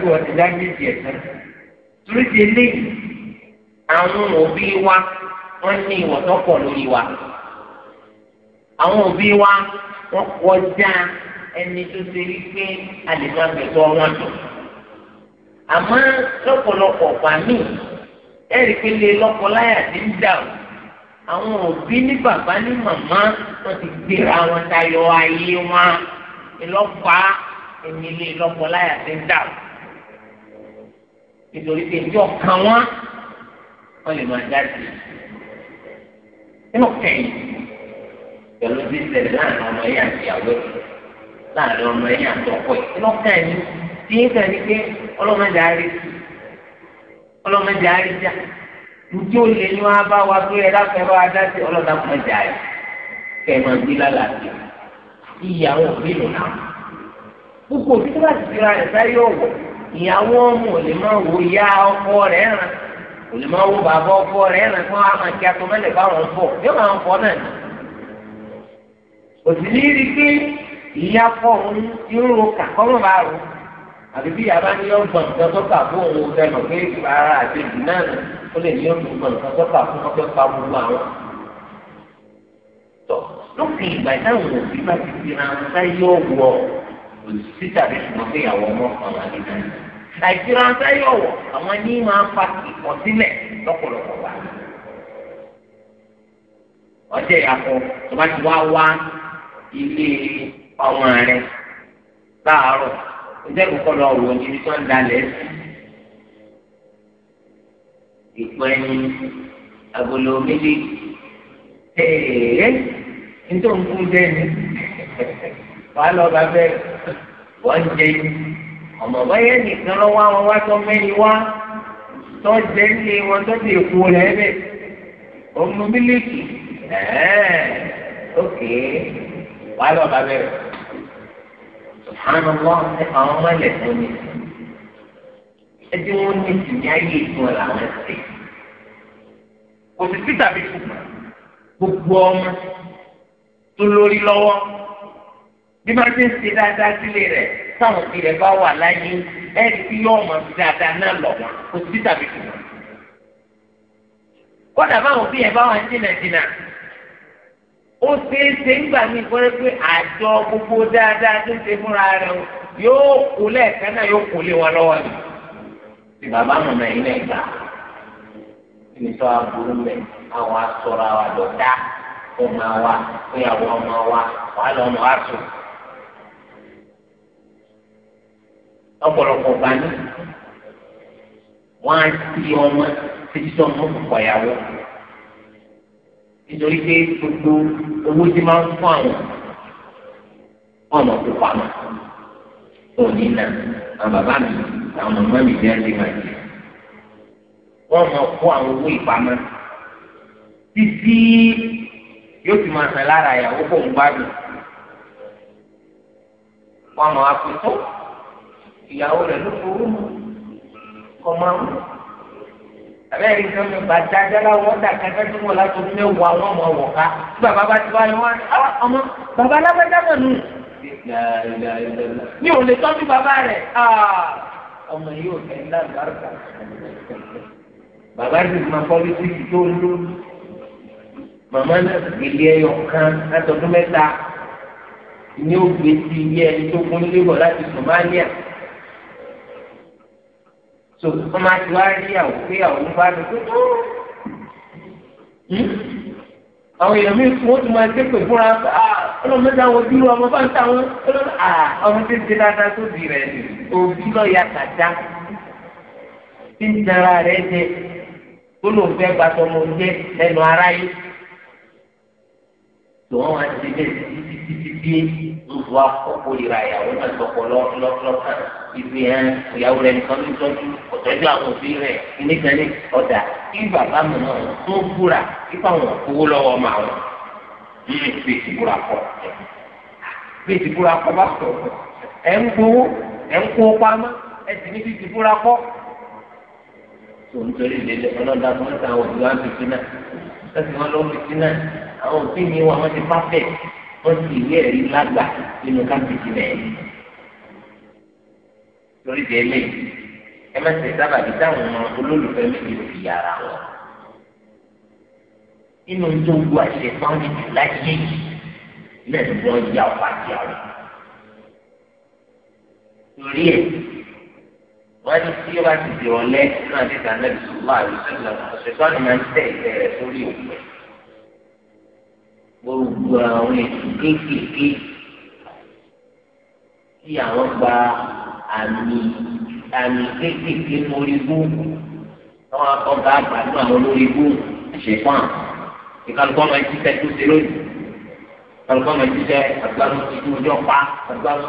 tí wọ́n ti dájú ìdí ẹ̀sẹ̀ torí ti eléyìí àwọn òbí wa wọ́n ní ìwọ̀tọ́ pọ̀ lórí wa àwọn òbí wa wọ́n kọjá ẹni tó ṣe rí pé a lè máa gbẹ̀tọ́ wọn dùn àmọ́ lọ́pọ̀lọpọ̀ pàmì ẹ̀rí pé lè lọ́kọ láyà ti ń dà o àwọn òbí ní bàbá ní màmá wọn ti gbéra wọn tayọ ayé wọn ìlọ́pà èmi lè lọ́pọ̀ láyà ti ń dà o nítorí pé ìjọ kan wọn wọn lè máa dájú nínú kẹyìn pẹ̀lú bí ṣẹlẹ̀ láàrin ọmọ yẹn àti ìyàwó láàrin ọmọ yẹn àti ọkọ ẹ̀ nínú kẹyìn tí ń kàn ní pé ọlọ́mọdé àárí ọlọ́mọdé àárí já ntí ó lè ní wọn bá wa tó yẹ dáfẹ́ bá wa dá sí ọlọ́dà kan jà yìí kẹ́ ẹ̀ máa gbé lálàáfíà ìyàwó òbí nù náà gbogbo òbí tó bá ti fira rẹ̀ sáyé ọ̀wọ̀ ìyàwó ọmọ ò lè máa wo ìyá ọkọ rẹ̀ ràn ò lè máa wo bàbá ọkọ rẹ̀ ràn fún àwọn àti atọ́mọ́lẹ̀ báwọn fọ̀ yóò máa fọ̀ náà ni òsì ní rí pé ìyá fọ̀ òun yóò ro bá rò àbí bí yàrá ní yóò gbọ̀n nǹkan sọ́kà fún òun sẹ́nu pé ara àjèjì náà ó lè ní yóò gbọ̀n nǹkan sọ́kà fún ọgbẹ́ pa gbogbo àwọn. tọ́ lókè ìgbà táwọn òbí bá ti fi hàn sáyé ọ̀wọ́ òṣìṣẹ́ àbí ṣùgbọ́n pé ìyàwó ọmọ kan wà nígbà yìí. sáyé ọ̀wọ́ àwọn ní máa fa ìkọ̀sílẹ̀ lọ́pọ̀lọpọ̀ wà. ọjọ́ ìyàpọ̀ tó bá ti wá wá ilé ọmọ rẹ̀ láàárọ̀ ìjẹ́ kọ́kọ́ lọ wò ní ibi tó ń dalẹ̀ sí. ìpò ẹni agolo méjì ẹ̀ẹ́dẹ́ nítorí ń kún dẹ́ni wàá lọ bá bẹ́ẹ̀ wọ́n ń jẹ ọmọ báyẹn nìkan lọ́wọ́ àwọn wá tó mẹ́rin wá tó jẹ́ ní wọn tó ti kú rẹ̀ bẹ́ẹ̀ ọmọ mílíkì ẹ̀ẹ́ ókè wàá lọ bá bẹ́ẹ̀ àmọ́ wọn ní àwọn mọlẹ tó ní ẹbí wọn ní sì ní ayé ìfún ẹ làwọn ẹsẹ kò sì sí tàbí ṣùgbọ́n gbogbo ọmọ tó lórí lọ́wọ́ bí máa ti ń ṣe dáadáa sílé rẹ̀ táwọn òbí rẹ̀ bá wà láyé ẹ ti yọ ọmọ sí dáadáa náà lọ wọn kò sí tàbí ṣùgbọ́n kódà báwọn òbí yẹn bá wà ń jìnnà jìnnà ó ṣeé ṣe ń gbà mí pé pé àjọ gbogbo dáadáa tó ń ṣe fúnra rẹ o yóò kó lẹ́ẹ̀kan náà yóò kó lé wọn lọ́wọ́ ni. tí bàbá mọ̀ náà ilé gbà ní sọ aburú mẹ́ àwọn asọ̀rọ̀ àwọn àdọ̀dá ọmọ wa ìyàwó ọmọ wa wàá lọ wa sùn. ọ̀pọ̀lọpọ̀ bani wọ́n á ti ọmọ títí sọ́mọ́ kọ̀ọ̀yàwó nítorí pé gbogbo owó tí máa ń fún àwọn ọ̀nà tó pamọ́ ò ní nà àwọn bàbá mi àwọn ọmọ mi ní ẹni máa jẹ wọ́n mọ̀ fún àwọn owó ìpamọ́ títí yóò fi máa hàn lára ìyàwó kò ń gbádùn wọ́n mọ̀ àpótó ìyàwó rẹ̀ ló fowó mọ́ kọ́ máa mú abẹ́rẹ́ nǹkan mi bàtà dára wọ́n dà kẹfẹ́ tí wọ́n láti omi wà wọ́n mọ̀ wọ̀ ká tí bàbá bá ti wá yẹn wọ́n á ah, ọmọ bàbá alágbádá mọ̀ nù. mi ò lè tọ́jú bàbá rẹ̀ ah, ọmọ yìí ò tẹ̀ ńlá bàrúkà. bàbá rẹ̀ máa fọ́ létí tó ń lò màmá náà gbélé ẹyọ kan látọdún mẹ́ta ni ó gbé sí iye ẹni tó kún lébọ̀ láti Somalia so wọn máa ti wá níyàwó níyàwó ní bá mi pé tó hmm? àwọn èèyàn mi wọn tún máa dé pé fúnra ah, ọlọmọ mẹ́ta wọn dúró ọmọ bá ń ta wọn ọlọmọ ah, ọmọ tí ń ṣe dáadáa tó di rẹ òbí lọ ya kàdá tí ń jara rẹ jẹ olóògbé gbàtọmọ jẹ lẹ́nu ara yìí tòun wá ti dé títí títí lóògùn akọkọ ìra ìyàwó náà lọkọ lọkàn ìfi hàn ìyàwó rẹ nìkan ló tọ́jú ọtọjú àwọn òbí rẹ nígbàní ọdà kí bàbá mi náà tó búra kíkọ àwọn òkúwó lọ́wọ́ ọmọ àwọn yìí fi ìbúra kọ fi ìbúra kọ bá sọ ẹ ń gbowó ẹ ń kó pamọ́ ẹ sì ní fi ìbúra kọ nítorí ìlélẹ̀ ọlọ́dà fún ẹ̀ka àwọn òbí wa ń fi sí náà ẹ̀sìn wọn ló fi sí náà àwọn òbí mi wà wọ́n ti wọ́n sì ìwé ẹ̀rí lágbà nínú káfíńtì rẹ̀. lórí ìdí eléyìí ẹ má ṣe sábà bí táwọn olólùfẹ́ méjì fi yàrá wọn. nínú tó gbọ́ àṣẹ fáwọn ìdí láyé yìí lẹ́nu wọn yá ọ̀pá jẹ́ ọ̀rọ̀. torí ẹ̀ wọ́n ní tí wọ́n ti dìrọ̀ lẹ́yìn náà ti dànù ẹ̀sùn láàrin sílẹ̀ ọ̀sẹ̀ tó ní máa ń tẹ̀ ìfẹ́ rẹ̀ sórí òkú ẹ̀ gbogbo àwọn ètò kéékèèké tí àwọn gba àmì àmì kéékèèké lórí gbòògùn àwọn akọgbà àgbàdo àwọn lórí gbòògùn àṣepọ̀n ìkàlùkọ́ máa ń jíṣẹ́ tó ṣe lónìí kọlùkọ́ máa ń jíṣẹ́ àgbàdo tuntun ọjọ́ pa àgbàdo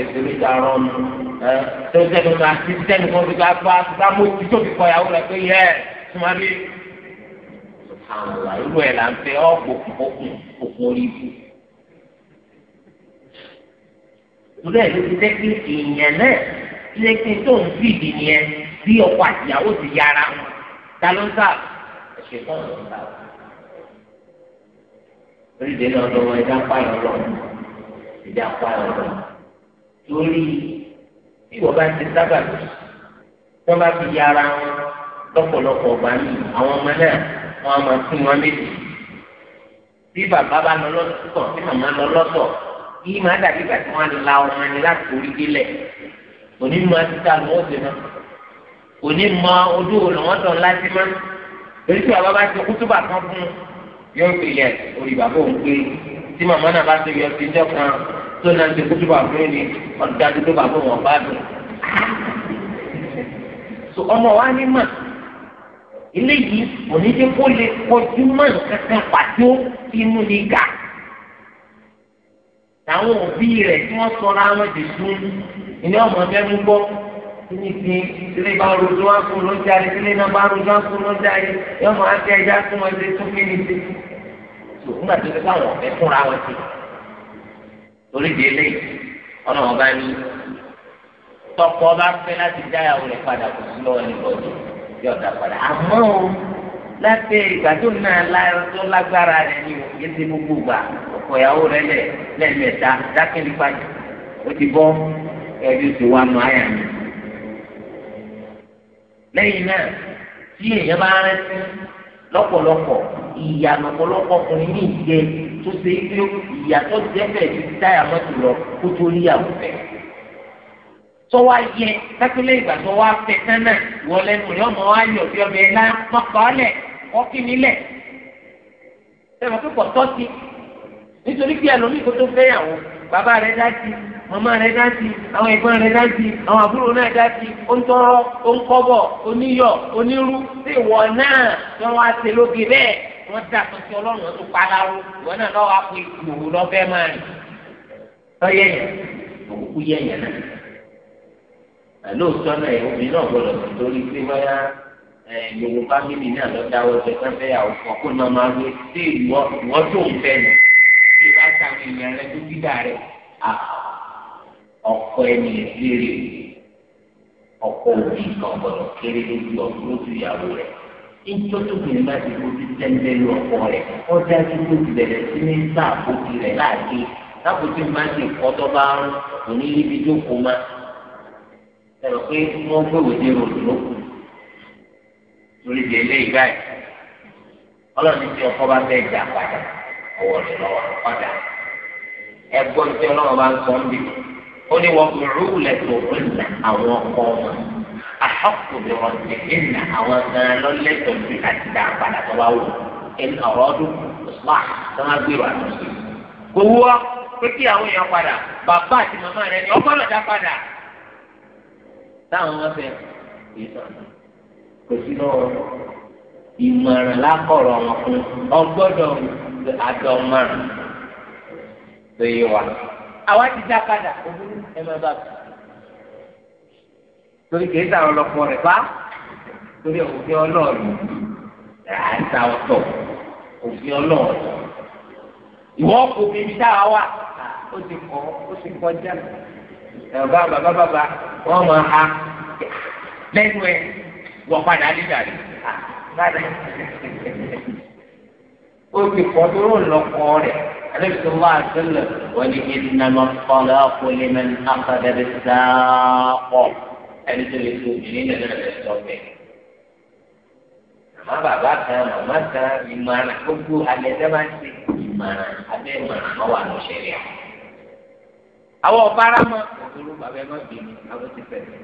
ẹsẹ̀ mi ta rọ ọ́nù ẹ tó sẹ́nu máa ti sẹ́nu kan fi ká bá bá mo ti tó fi kọ́ ìyàwó rẹ̀ pé yẹ ẹ̀ sùnmọ́ bí àwọn ìwà irú ẹ̀ là ń fẹ́ ọ̀pọ̀ òkun òkun orí ibu. Torí ẹ̀ ló ti jẹ́ kí èèyàn náà ti jẹ́ kí tó ń fi ìdí yẹn bí ọkọ àtìyàwó ti yára wọn. Ta ló ń sà? Ẹ̀ṣẹ̀ kan ló ń sà. Orí náà lọ́wọ́ ẹ̀dá pààyàn lọ. Ẹ̀dá pààyàn lọ. Torí bí wọ́n bá ti sábà lọ, wọ́n bá fi yára wọn lọ́pọ̀lọpọ̀ ọ̀gbà yìí àwọn ọmọ náà wọn máa fún wọn méjì bí bàbá bá lọ lọ́tọ̀ bí màmá lọ lọ́tọ̀ yìí máa dàbí ìgbà tí wọ́n la ọmọ ni láti orí délẹ̀ onímọ̀ títà lọ́wọ́ sí ma onímọ̀ ojú olùwọ́ntàn láti má torí tí bàbá bá ti kútùbà kan fún un yóò fi yẹ orí bàbá òun pé tí màmá náà bá ti yọ sí ìjọ kan tó náà ti kútùbà fún mi ọ̀dájú tó bàbá òun ọ̀bá dùn. ọmọ wa ní mà eléyìí onídé kó lè kọjú mọ́ nǹkan pàtó inú ní gà táwọn òbí rẹ̀ tí wọ́n sọra wọn dè sún ilé ọmọ mẹ́rin gbọ́ kíni ti ilé bá rojú wá fún ló jáde ilé náà bá rojú wá fún ló jáde yọmọ àti ẹja fún wọn ṣe tún kíni ti ṣùgbọ́n àti ẹgbẹ́ àwọn ọ̀fẹ́ fúnra wọn ti torí di eléyìí ọ̀nà wọn bá ní tọkọ bá fẹ́ láti dáyàwó rẹ̀ padà kò sí lọ́wọ́ ẹnì bọ́ọ̀dù yóò dá padà àmọ́ o láti ìgbà tó náà tó lágbára rẹ̀ ni o yé ti gbogbo gbà ọkọ ìyàwó rẹ̀ lẹ̀ lẹ́ẹ̀mẹ́ta dákẹ́lì pàjẹ́ ó ti bọ́ ẹbí ti wá nu àyà mi. lẹ́yìn náà tí èèyàn bá rántí lọ́pọ̀lọpọ̀ ìyá lọ́pọ̀lọpọ̀ ọkùnrin ní ìjẹ tó ṣe é pé ìyàtọ̀ jẹ́ bẹ́ẹ̀ ti táyà mọ́tò lọ kó tó rí àwùjọ tó wá yẹ sákìlẹ̀ ìgbà tó wá fẹ́ sẹ́nà wọlé nù yọ mọ́ ayọ̀ bí ọbẹ̀ ńlá mọ́kànlẹ̀ kọ́kí nílẹ̀ ẹ̀rọ pípọ̀ tọ́sí nítorí pé ẹlòmíì kó tó fẹ́yàwó bàbá rẹ̀ dájú màmá rẹ̀ dájú àwọn ẹ̀gbọ́n rẹ̀ dájú àwọn àbúrò náà dájú ó ń tọrọ ó ń kọ́bọ̀ oníyọ̀ onírú sí ìwọ náà tí wọ́n á ṣe lóge bẹ́ẹ̀ wọ́n dà tó ti ọlọ́run lóòótọ́ náà obìnrin náà gbọ́dọ̀ sí torí pé báyà yorùbá mímì náà lọ dáwọ́ jẹ fẹ́fẹ́ àwọn kan kó náà máa wé sí ìwọ́n tó ń bẹ̀ nù tí bá sàmì ìyẹn rẹ tó dídà rẹ ọkọ ẹni ìbéèrè ọkọ òbí kan gbọ́dọ̀ kéré lójú ọkọ lójú ìyàwó rẹ ìjọ tó bìnrin bá ti fojú tẹ́ńtẹ́lú ọkọ rẹ ó dájú tó ti bẹ̀rẹ̀ sí ní sáà fojú rẹ láàgé láàbò tí ti kọ́ tó bá rún òní níbi jókòó máa ẹ̀rọ pé wọ́n gbòòrò dé ròdò lókun lórí ìdí ilé ìgbà yìí ọlọ́ọ̀ni tí ọkọ bá fẹ́ jà padà ọwọ́ rẹ̀ lọ́wọ́ padà ẹgbọ́n tí ọlọ́wọ́ bá ń sọ ń bì ó ní wọn kùrú lẹ́tọ̀ ọ̀nà àwọn ọkọ wọn àhọ́kùnrin wọn ti ìnà àwọn gan lọ́lẹ́tọ̀ sí àti dá padà tó bá wù ẹni ọ̀rọ̀ ọdún ọ̀sùnmá tó má gbèrò àtúnṣe. gbowó pé kí àwọn èèyàn padà bàbá àti màmá rẹ ni ọkọ táwọn wọn fẹ́ kò sí lọ́wọ́ ìmọ̀ràn lákọ̀rọ̀ wọn fún ọgbọ́dọ̀ àdọ̀mọ̀ràn tó yé wa. àwa ti dá padà òbúrú ẹ máa bá tu torí kìí sàrọ̀ ọlọ́pọ̀ rẹ̀ bá torí òfin ọlọ́ọ̀lù àìsà ọ̀tọ̀ òfin ọlọ́ọ̀lù ìwọ́n kò bíbi táwa wà ó ti kọ́ ó ti kọjá lọ bàbá bàbá bàbá wọn máa ha lẹ́nu ẹ wọ́n padà ní ìdàrí padà ó ti kọ́ tó rò lọ́kọ́ rẹ̀ alẹ́bíṣẹ́ wá àtẹ́lẹ̀ wọ́n ní ìdínàmọ́ ọ̀la ọ̀pọ̀lẹ́ mẹ́rin àkàdẹ́rẹ́ sáàpọ̀ ẹni tó lè fi obìnrin náà lọ́dẹ̀ sọ́bẹ̀. màmá bàbá kan màmá kan ìmọ̀ràn gbogbo alẹ́ dẹ́ máa ń ṣe ìmọ̀ràn abẹ́ ìmọ̀ràn náà wà lọ́sẹ̀rẹ̀ àwọn àwọn ọ̀bára mọ́ òkúrú bàbá ẹ má bì mí àwọn ti fẹ́ mi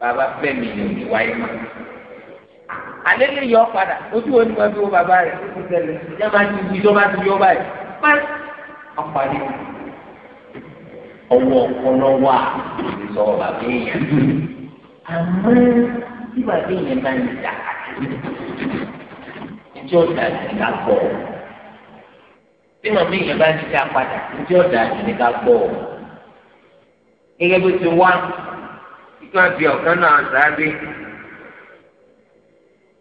bàbá fẹ́ mi ni òní wáyé mọ́ alẹ́ lè yọ padà ojú wo ni wọ́n fi wo bàbá rẹ̀ kó tẹ̀lé ìjà máa ti wí tó bá ti yọ báyìí pẹ́ ọ̀pàdé ọwọ́ ọpọlọ wà sọ bàbá èèyàn àmọ́ tí bàbá èèyàn bá ń jà àti ìjọ ìdájọ́ tí màmí yẹn bá ti dá padà tí ọ̀dà àti nígbà gbọ́ ọ. gẹ́gẹ́ bí ti wá kíkọ́ àti ọ̀kan náà sáré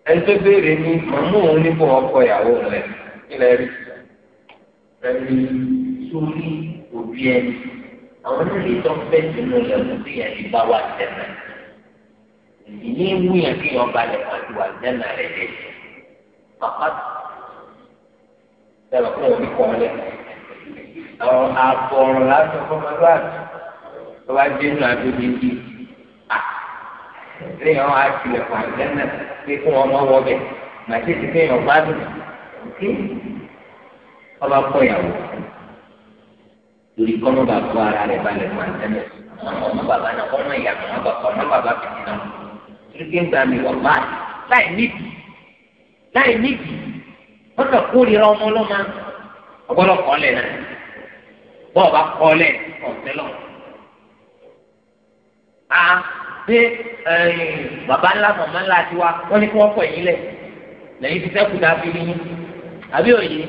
ẹni tó béèrè ní màmú òun níbo ọkọ ìyàwó rẹ̀ nílẹ̀ rí ẹni sórí òbí ẹni àwọn náà lè tán fẹ́ sínú ẹ̀kú tí yẹn ti bá wà tẹ̀lé ìdílé wúyàn kí yọ̀ọ́ balẹ̀ pàdé wà tẹ̀lé rẹ̀ lẹ́sẹ̀ pàpàtó sẹ́wọ̀n fún òbí kọ́lẹ̀ ọ̀rọ̀ àfọ̀rọ̀ láti fún bàbá àti bàbá jésù àti bíbí à léèyàn á tilẹ̀ fún àgbẹ̀nà pé fún ọmọ wọbẹ̀ màtí ti fẹ́yàn gbádùn kí ọba kọ ìyàwó lórí kọ́nà bàbá ara rẹ̀ balẹ̀ fún àgbẹ̀nà ọmọ bàbá náà kọ́nà ìyàwó ọmọ bàbá ọmọ bàbá fìdí náà lórí kí n gbà láì níbi láì níbi wọ́n kà kórìíra ọmọ ọlọ́mọ ọgbọ́dọ̀ kọ́lẹ̀ náà bọ́ọ̀ bá kọ́lẹ̀ ọ̀tẹ́lọ̀ a ṣe bàbá ńlá màmá ńlá ti wá wọ́n ní kí wọ́n pọ̀ yín lẹ̀ lẹ́yìn ti sẹ́kù náà fi yín àbí òye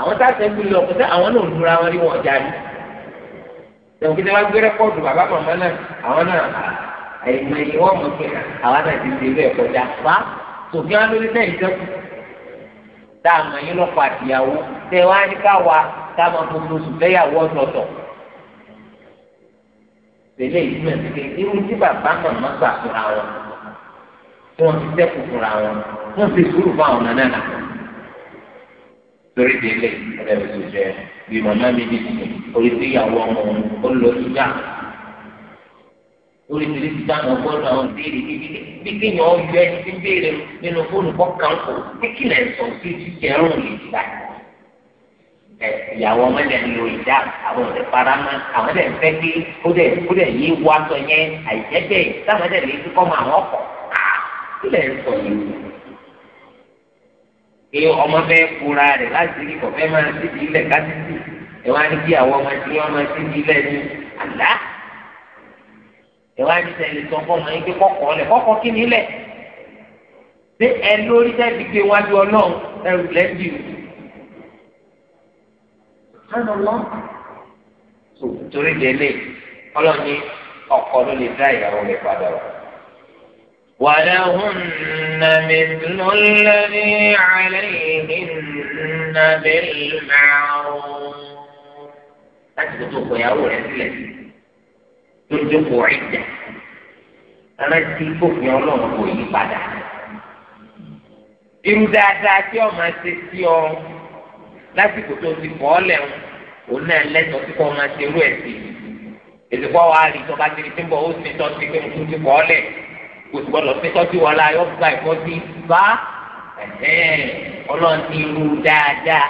àwọn tá a sẹ́kù lọ kó sẹ́ àwọn náà lura wọn rí wọn jáde tẹ̀wọ́n kí sẹ́wọ́n gbé rẹ́kọ̀dù bàbá màmá náà àwọn náà àìmọ̀ ìwọ́n mọ̀ pé àwọn náà ti ṣe ilé ẹ̀kọ́ já tá a mọ̀ yín lọ́kọ̀ àtìyàwó tẹ wá ní káwa tá a mọ̀ gbogbo oṣù fẹ́yàwó ọ̀tọ̀ọ̀tọ̀. Tẹ̀lé ìtumọ̀ sí pé irú tí bàbá màmá gbà fúnra wọn tí wọ́n ti sẹ́kù fúnra wọn wọ́n ti sùúrù fún àwọn nàná nà. Torí tẹ̀lé ẹ̀rẹ́ mi sọ jẹ́ bí màmá mi dìde orí tí ìyàwó ọmọ òun ó lọ sí dáa lórí ìdílé ti dáná ọgbọ́n àwọn ìbéèrè kékeré bí kéèyàn ó yọ ẹni tí ń béèrè nínú fóònù kọ́ kánkò pé kí lẹ̀ sọ sí ti jẹun lè gbà. ẹ ìyàwó ọmọ ilẹ̀ ń lo ìdá àwọn ọ̀dẹ̀ farama àwọn ọ̀dẹ̀ ń fẹ́ kí ó dẹ̀ ó dẹ̀ yé wá sọ yẹn àìjẹ́ bẹ́ẹ̀ táwọn ọ̀dẹ̀ lè fi kọ́mọ àwọn ọkọ̀ kí lẹ̀ sọ yìí. pé ọmọ fẹ́ kura rẹ̀ láti rí kọ̀fẹ́ máa ti di ilẹ̀ ká ìwádìí tẹ̀lé tó ń bọ̀ mọ́ ike kọ́kọ́ lẹ̀ kọ́kọ́ kí ni lẹ̀ ṣé ẹ lórí tẹ̀sí pé wájú ọlọ́run ẹrù lẹ́bí o. sọ́nà lọ tó torí délé ọlọ́run ní ọkọ ló lè dá ìyàwó rẹ̀ padà wá. ولهن مثل الذي عليهن بالمعروف lójú kò ẹ̀jẹ̀ rántí fòfin ọlọ́run kò yí padà irú dáadáa tí ọmọ ṣe sí ọ lásìkò tó ti kọ́ ọ lẹ́hìn òun náà lẹ́tọ̀ọ́ sí kọ́ ọmọ ṣe irú ẹ̀ sí èsìkọ́ wa rí ti di tìǹbọ̀ ó sì tọ́sí pé mo ti kọ́ ọ lẹ̀ kò sì gbọ́dọ̀ sí tọ́jú wọn láyọ̀ gba ìfọ́sí bá ọlọ́run ti irú dáadáa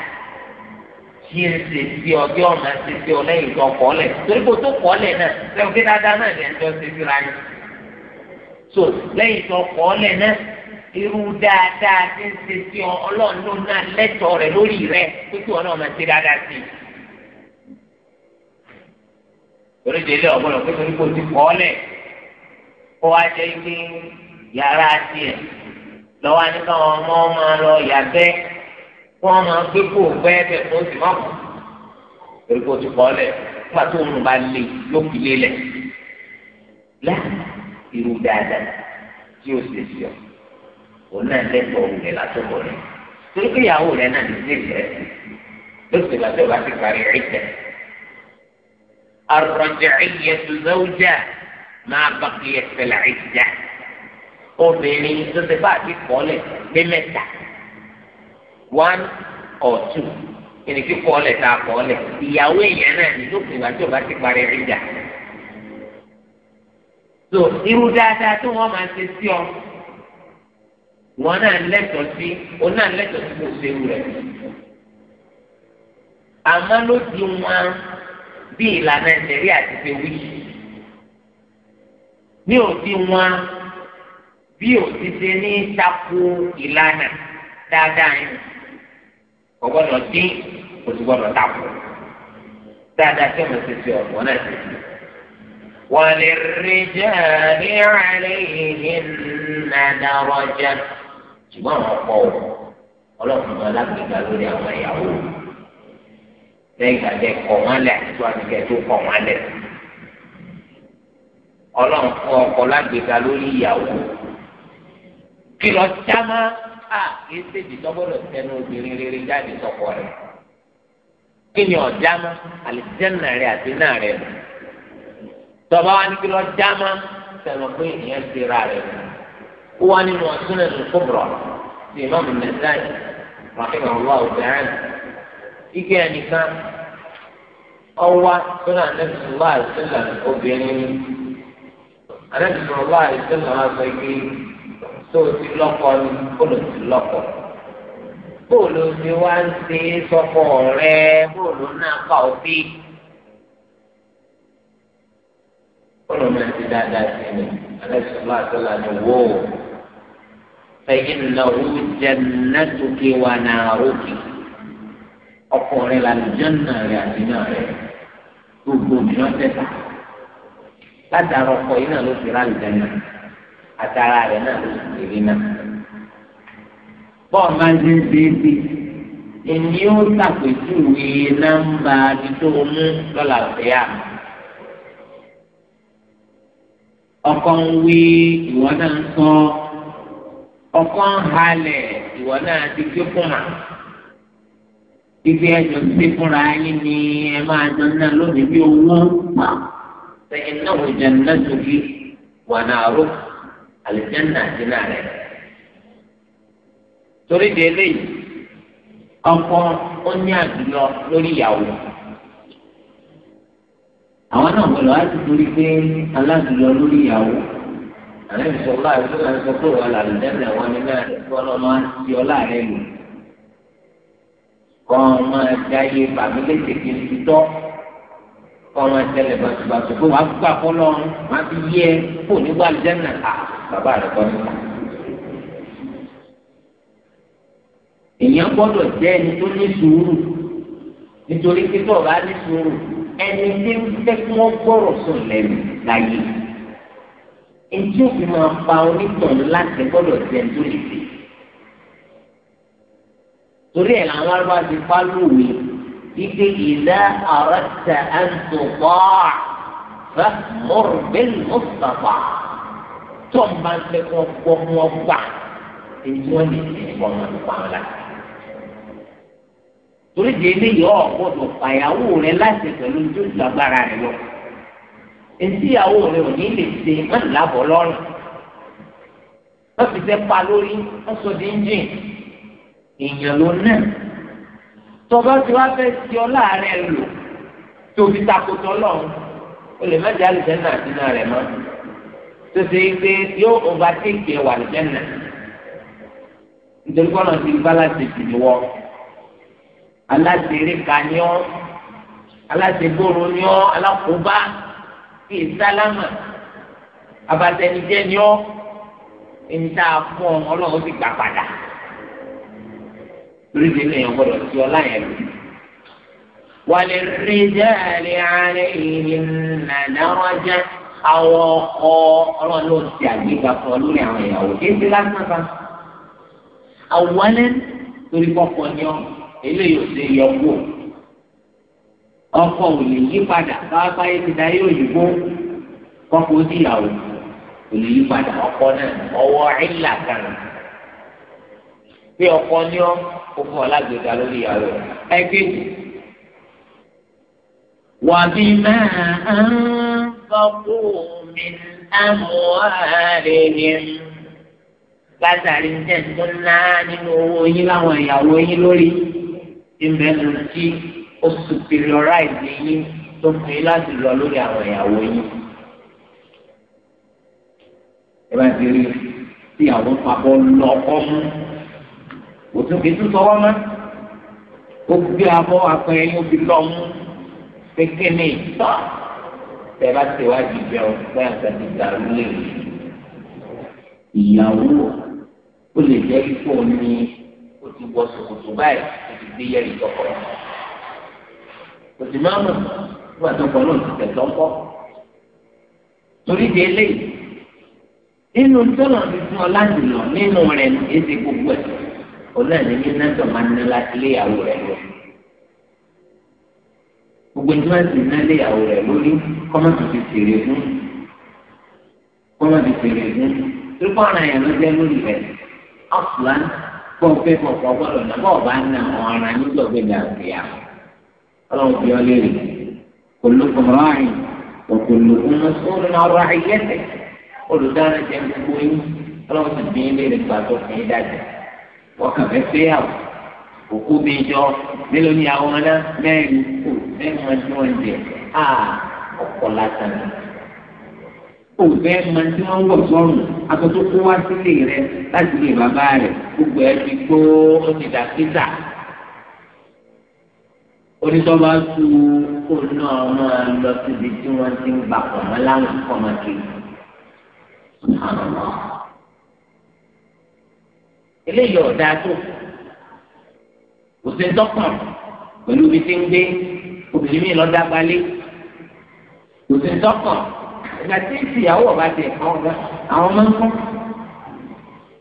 kí n ṣe sí ọ bí ṣe sí ọ lẹ́yìn tó kọ́lẹ̀ torí kò tó kọ́lẹ̀ náà lẹ́yìn tí dáadáa náà ní ẹjọ́ ṣe síra ni. so lẹ́yìn tó kọ́lẹ̀ náà irú dáadáa ti ń ṣe sí ọ náà lẹ́tọ̀ọ́ rẹ̀ lórí rẹ̀ pé kí wọn náà máa ṣe dáadáa sí i. torí délé ọ̀gbọ́dọ̀ pé torí kò ti kọ́lẹ̀ kó wá jẹ́ pé yàrá tiẹ̀ lọ́wọ́ wọ́n máa gbé kó gbẹ́ẹ̀bẹ̀ fún sì mọ́ kù torí kó ti kọ́ lẹ̀ nígbà tó ń ba lè yóò fi lé lẹ̀ lá irú dáadáa tí o sì sọ òun náà lẹ́tọ̀ọ́ òun rẹ̀ látọ̀kọ̀ rẹ̀ torí pé ìyàwó rẹ̀ náà lè dé rẹ̀ lóṣù làtọ̀ bá ti parí ẹ̀jẹ̀ الرجعية زوجة ما بقيت في العدة obìnrin tó ti bá àti kọ́lẹ̀ lé mẹ́ta one or two ìní kíkọ́ ọ̀lẹ̀ tá a kọ́ ọ̀lẹ̀ ìyàwó èèyàn náà ní lópin ìgbà tí o bá ti parí rí so irú dáadáa tí wọ́n máa ṣe sí ọ wọn náà lẹ́tọ̀ọ́ sí òun náà lẹ́tọ̀ọ́ sí kò ṣe irú rẹ̀. àmọ́ ló di wọn bí ìlànà ìṣẹ̀rí àti ṣe wí. ní òdi wọn bí òtítẹ́ ní takò ìlànà dáadáa yẹn ọgbọ́dọ̀ dín òtúgbọ́dọ̀ dàpọ̀ dáadáa kí ọmọ ṣe ṣe ọ̀pọ̀ náà ṣe ṣe. وللرجال عليهن درجة ṣùgbọ́n àwọn ọkọ o ọlọ́run náà lágbègbè lórí àwọn ìyàwó lẹ́yìn ìgbà jẹ́ kọ̀ wọ́n lẹ̀ àti wọ́n kẹ́ tó kọ̀ wọ́n lẹ̀ ọlọ́run fún ọkọ lágbègbè lórí ìyàwó kí lọ já máa a ah, kìí ṣèdí tọ́gbọ́dọ̀ tẹnu obìnrin rere jáde sọ̀kọ rẹ̀ kí ni ọ̀dá ma àlìjẹ́nà rẹ̀ àti náà rẹ̀ tọ́ba wa ní kí lọ́ọ́ dá ma sẹ̀mọ̀ pé ìyẹn ti ra rẹ̀ ó wá nínú ọ̀tún ẹ̀sùn kúbùrọ̀ sí ìmọ̀mù mẹ́sáì ràfihàn ọlọ́ ọ̀gbẹ́rẹ́ ike ẹnìkan ọwá sọ́nà anẹ́bùsọ̀lá àìsílẹ̀ obìnrin anẹ́bùsọ̀lá àìsílẹ̀ tó o ti lọ́kọ ni kó ló ti lọ́kọ. bóòlù ti wá ń ṣe sọ́kọ rẹ bóòlù náà kà ó bí. bóòlù náà ti dáadáa sí mi alẹ́sọ̀lá àtọ́lá ni wò ó. fẹ̀yìn náà ó jẹ nẹ́tùkì wà náà òkè. ọkùnrin làlùjọ́ náà rẹ̀ àti náà rẹ̀ gbogbo òmìnira tẹ̀ta. ládàá ọkọ̀ yìí náà ló fi rà lùjọ́ àtàrà rẹ̀ náà ló sì rí náà. bọ́ọ̀ máa ń ṣe ń ṣe é sí èmi ó ṣàpèjúwe nọ́mbà tító mú lọ́la ṣẹ́yà. ọkọ ń wí ìwọ náà ń sọ ọkọ ń halẹ̀ ìwọ náà ti gbé fún wa ibi ẹjọ ti fúnra yín ni ẹ máa jọ náà lónìí bí owó pa ṣe iná òjò náà tó fi wà náà rò àlùjánnà àdínà rẹ̀ torí di eléyìí ọkọ ó ní àdúlọ lórí ìyàwó àwọn náà gbọ́dọ̀ á ti torí pé aládùúlọ lórí ìyàwó àlẹ́ ìṣọ̀lá ìṣọ̀lá ìṣọ̀lá tó wà lálùjánnà wọn ní náà lọ́wọ́ lọ́wọ́ á ti ọlá rẹ̀ lò kọ́ ọ máa dáyé bàbá lẹ́sẹ̀ kí n tọ́ kọ́mọ tẹ́lẹ̀ bàtúbàtú pé wàá gbà fọlọ́run wàá fi yẹ kó nígbà àlùjánnà à bàbá rẹ̀ kọ́ nípa. èèyàn gbọ́dọ̀ jẹ́ ẹni tó ní sùúrù nítorí pé tó o bá ní sùúrù ẹni tí ń fẹ́ kí wọ́n gbọ́rọ̀ sùn lẹ́nu láyé. èyí ò fi máa pa onítọ̀nù láti gbọ́dọ̀ jẹ́ ẹni tó lè ṣe. torí ẹ̀ làwọn arúgbó ti pa lóòwe ike ìlà àrẹ́tà àǹtọ̀pọ̀ fẹ́mọ̀rẹ́bẹ́lì mọ́tàpá tó ń bá ń fẹ́ kọ́ gbọ́ wọn gbà èyí wọ́n lè fi ìbọn wọn pa wọn la. torí di eléyìí ọ̀ gbọ́dọ̀ pàyàwó rẹ láti pẹ̀lú ojú agbára rẹ lọ. èsìyàwó rẹ ò ní lè ṣe wọ́n làbọ̀ lọ́rùn. wọ́n fi sẹ́ pa lórí wọ́n sọ di engine èèyàn ló náà tọba tí wàá fẹ́ ti ọ láàrin ẹ lò tóbi takotọ lọ o lè má jẹ alìjẹnà àdínà rẹ mọ tòṣe ìgbé yóò ọba téèkì ẹwà alìjẹnà nítorí kọ́nà ti bá láti tìlú wọ aláṣẹrí kaniọ́ aláṣẹgbòrò niọ́ alákòóbá kí ìsálámà abatẹnijẹ niọ́ ẹni tá a fún ọ ọlọ́run ti gbà padà torí bí èèyàn gbọ́dọ̀ tí ọlá yẹn lò. وللرجال عليهن درجة àwọn ọkọ ọlọ́run ló ti àgbéga fún ọ lórí àwọn ìyàwó kéde lásán kan àwọlé torí pọpọ ni ọ eléyìí ò ṣe yọ kú ọkọ ò lè yí padà bábá yé ti darí òyìnbó kọkọ ó ti yàwó ò lè yí padà ọkọ náà ọwọ́ ìlà kan pé ọkọ ní ọ kó fún ọ lágbèéká lórí ìyàwó ẹ kéjì. wàbí máa ń fọkù mi amúhàrẹ̀yìn látàrí jẹ̀dún náà nínú owó yín láwọn ìyàwó yín lórí ìmẹ̀lú tí ó superiorize yín tó fún yín láti lọ lórí àwọn ìyàwó yín. ẹ bá ti rí ìyàwó papọ̀ lọ́kọ́ mú òtún kìí tún sọwọ́ mọ́ ó gbé abọ́ apẹ ẹyin òbí lọ mú kékeré ní ìtọ́ tẹ bá ti wá di bẹ́ẹ̀ ọ̀pẹ́ àtàkì dàrú lè ìyàwó ó lè jẹ́ kíkó ní ó ti wọ ṣòkòtò báyìí ó ti gbé yẹ́rì tọkọ òtún máa mọ̀ nígbà tó kọ́ náà ti tẹ̀tọ́ kọ́ torí di eléyìí nínú tọ́nà tuntun ọ̀làjùlọ nínú rẹ̀ ní èsì gbogbo ẹ̀ onáàní mínísítọ̀ máa ń ná iléyàwó rẹ̀ lọ. gbogbo ní wọ́n ti ná iléyàwó rẹ̀ lórí kọ́mọ́ ti fi fèrè fún kọ́mọ́ ti fèrè fún torípọ̀ ara yẹn ló jẹ́ lórí rẹ̀ ọ̀fúlán pọ̀npẹ́ pọ̀pọ̀ gbọ́dọ̀ náà bọ́ọ̀ bá ná àwọn ará nígbà gbẹ̀dẹ̀ àgbẹ̀yà ọlọ́run fi ọ léèrè kòlókùn ráàyìn òkòlókùn mọ́sọ́rùn ọ̀rọ̀ àyẹ́tẹ̀ olùdarí jẹ́ gbogbo yín ọlọ́run ti bí ilé rẹ̀ gbàgbọ́ fún yín dájẹ́ wọ́n kàn fẹ́ fẹ́ yàwó òkú mi jọ mélòó ni àwọn ọ̀nà mẹ́rin kù mẹ́rin wọn tí wọ́n jẹ á ọ̀pọ̀ lásán ni. òfẹ́ máa ń tí wọ́n wọ̀ sọ́run aṣọ kó wá sílé rẹ láti lè bàbá rẹ gbogbo ẹ ti gbó ó ti onítọ́ba tu kó máa lọ síbi tí wọ́n ti ń gbà mọ́ láwọn kọ́ kiri eléyìí ọ̀dà tó kò sí dọ́kàn pẹ̀lú ibi tí ń gbé obìnrin mi lọ́dá gbalé kò sí dọ́kàn ìgbà tí ìyàwó ọba ti ẹ̀kọ́ ọ̀gá àwọn ọmọ ń kọ́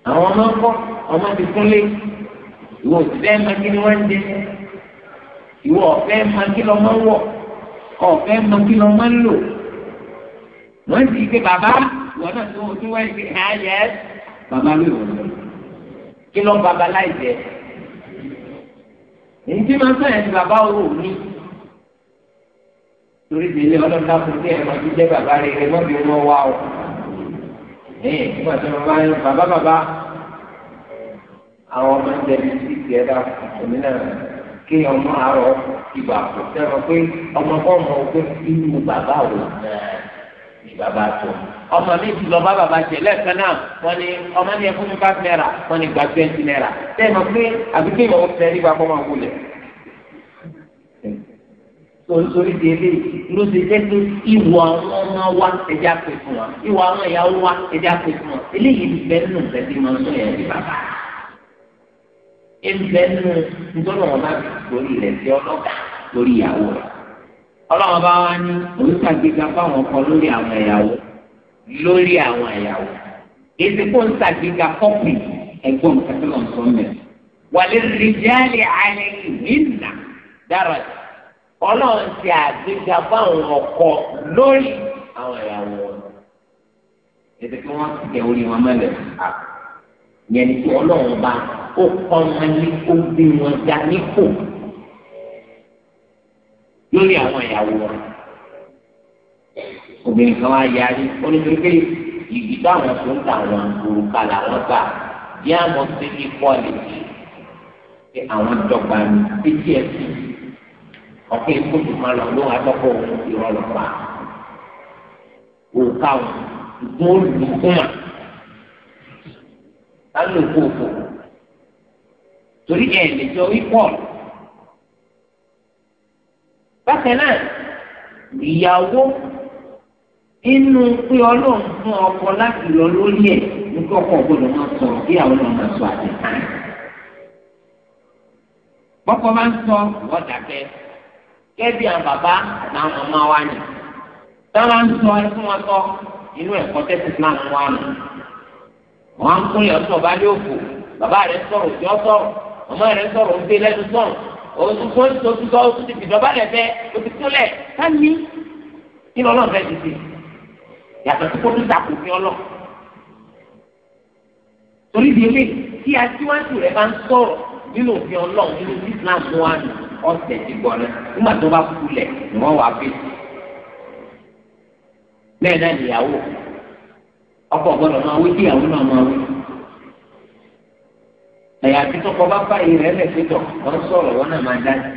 àwọn ọmọ ń kọ́ ọmọ ti kúnlé ìwọ òṣìṣẹ́ máa kí ni wọ́n ń jẹ ìwọ ọ̀fẹ́ máa kí lọ́mọ ń wọ̀ ọ̀fẹ́ máa kí lọ́mọ ń lò wọ́n ti ké bàbá ìwọ náà tó o tún wáyé pé ẹ̀ ẹ́ yẹ kí ló ń baba láì jẹ èyí tí máa ń sọ yẹn ti bàbá orò ní torí ti ilé ọlọ́dún dákú sí ẹ̀rọ ti jẹ́ bàbá rẹ̀ rẹ̀ mọ́bí ọmọ wa o ẹ̀yìn nígbà tí wọ́n bá ń bàbá bàbá àwọn ọmọ ń jẹbi sí ìgbẹ́ dákú èmi náà kí ọmọ àárọ̀ ìgbà kò sẹ́wọ̀n pé ọmọ fọ́ọ̀mù ọgbẹ́ ìlú bàbá òun náà bàbá tó ọmọ mi ti lọ bá bàbá jẹ lẹ́ẹ̀kan náà wọ́n ní ọmọ ní ẹkún fún five naira wọ́n ní gba twenty naira bẹ́ẹ̀ mọ̀ pé àbí kí ìwọ̀n fẹ́ nígbà kọ́ máa wulẹ̀. sọ̀rọ̀sọ̀rọ̀ di ẹbí ló ti jẹ́ pé ìwọ àwọn ọmọ wa ẹja pè fún wa ìwọ àwọn ìyàwó wa ẹja pè fún wa eléyìí ti bẹ́ẹ̀ nù bẹ́ẹ̀ ti máa ń sọ bàbá. ẹ ọlọ́run bá wá ní oníṣàgbéga fáwọn ọkọ lórí àwọn ìyàwó lórí àwọn ìyàwó èsì kó ń ṣàgbéga kọ́pì ẹ̀gbọ́n kẹtìlọ̀ tó ń bẹ̀. wàlẹ́ rìjálì alẹ́ ìlà dára ọlọ́run ti àgbéga fáwọn ọkọ lórí àwọn ìyàwó wọn. èsì kí wọ́n ti tẹ orí wọn mẹ́lẹ̀ à ni ọlọ́run bá ó kọ́ wọn ní ó gbé wọn já nípò lórí àwọn ìyàwó rẹ̀ obìnrin kan wá yarí ó ní pé ìgbì táwọn tó ń ta àwọn òrùka làwọn gbà bí àwọn ṣe ní quality pé àwọn dọ́gba ní pts ọ̀pẹ ìkóso máa lọ lóhùn àtọ́kọ̀ òun ìrọ̀lọ́ pa òrùka òun ìgbọ́n olùkúmà lálẹ́ òkú òkú torí ẹ̀ lè jọ wípọ̀lù. bákan náà ìyàwó inú pé ọlọ́run fún ọkọ láti lọ lórí ẹ̀ ní ọkọ gbọ́dọ̀ máa sọ̀rọ̀ kí àwọn ọmọ sọ àti tán. bọ́kọ bá ń sọ ọ̀dà bẹ́ẹ̀ kẹ́bí àwọn bàbá àtàwọn ọmọ wa nì. táwọn ń sọ ẹ fún wọn sọ inú ẹ̀kọ́ tẹ́sí nù. wọ́n á ń kúnlẹ̀ ọba yóò fò bàbá sọ̀rọ̀ òtún tó tó tó tó tó ti fìjọba sani kí lọ́lọ́ fẹ́ ti ṣe tí kò tó dàpọ̀ fi ọlọ́ torí di ilé tí aṣíwájú rẹ̀ bá ń sọ̀rọ̀ nínú òfin ọlọ́run nínú Islam wa nù ọ̀sẹ̀ ti gbọ̀ náà nígbà tó bá kú lẹ̀ ni wọ́n wàá fi bẹ́ẹ̀ náà ọkọ gbọ́dọ̀ máa wí kí ìyàwó náà máa wí ẹ̀yà tí tọkọ bá bá yìí rẹ̀ lẹ́sẹ̀tọ̀ wọ́n sọ̀rọ̀ wọn náà máa dá sí.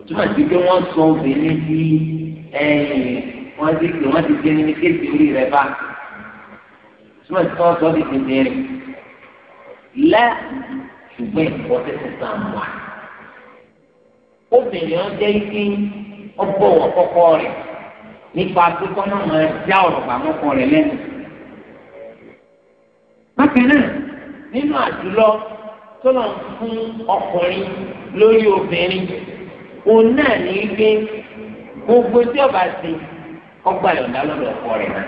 òtúmọ̀ sí pé wọ́n sọ obìnrin sí ẹ̀yìn wọ́n ti pè wọ́n ti gbé ní kéèké orí rẹ̀ bá. òtúmọ̀ sí wọ́n sọ bíi tìǹbìrì. lẹ́ ṣùgbọ́n ẹ̀kọ́ tẹ̀sán sàn wà. obìnrin wọn jẹ́ ike ọgbọ́n wọn kọ́kọ́ rẹ̀ nípa pípọ́n náà máa já ọ̀rọ̀ pàmò kan rẹ̀ lẹ́nu. bákan náà nínú àdúlọ tó lọ fún ọkùnrin lórí obìnrin òun náà ní í gbé gbogbo tí ọba ṣe ọgbà yọ̀ǹda lọ́dọ̀ ọkọ rẹ̀ náà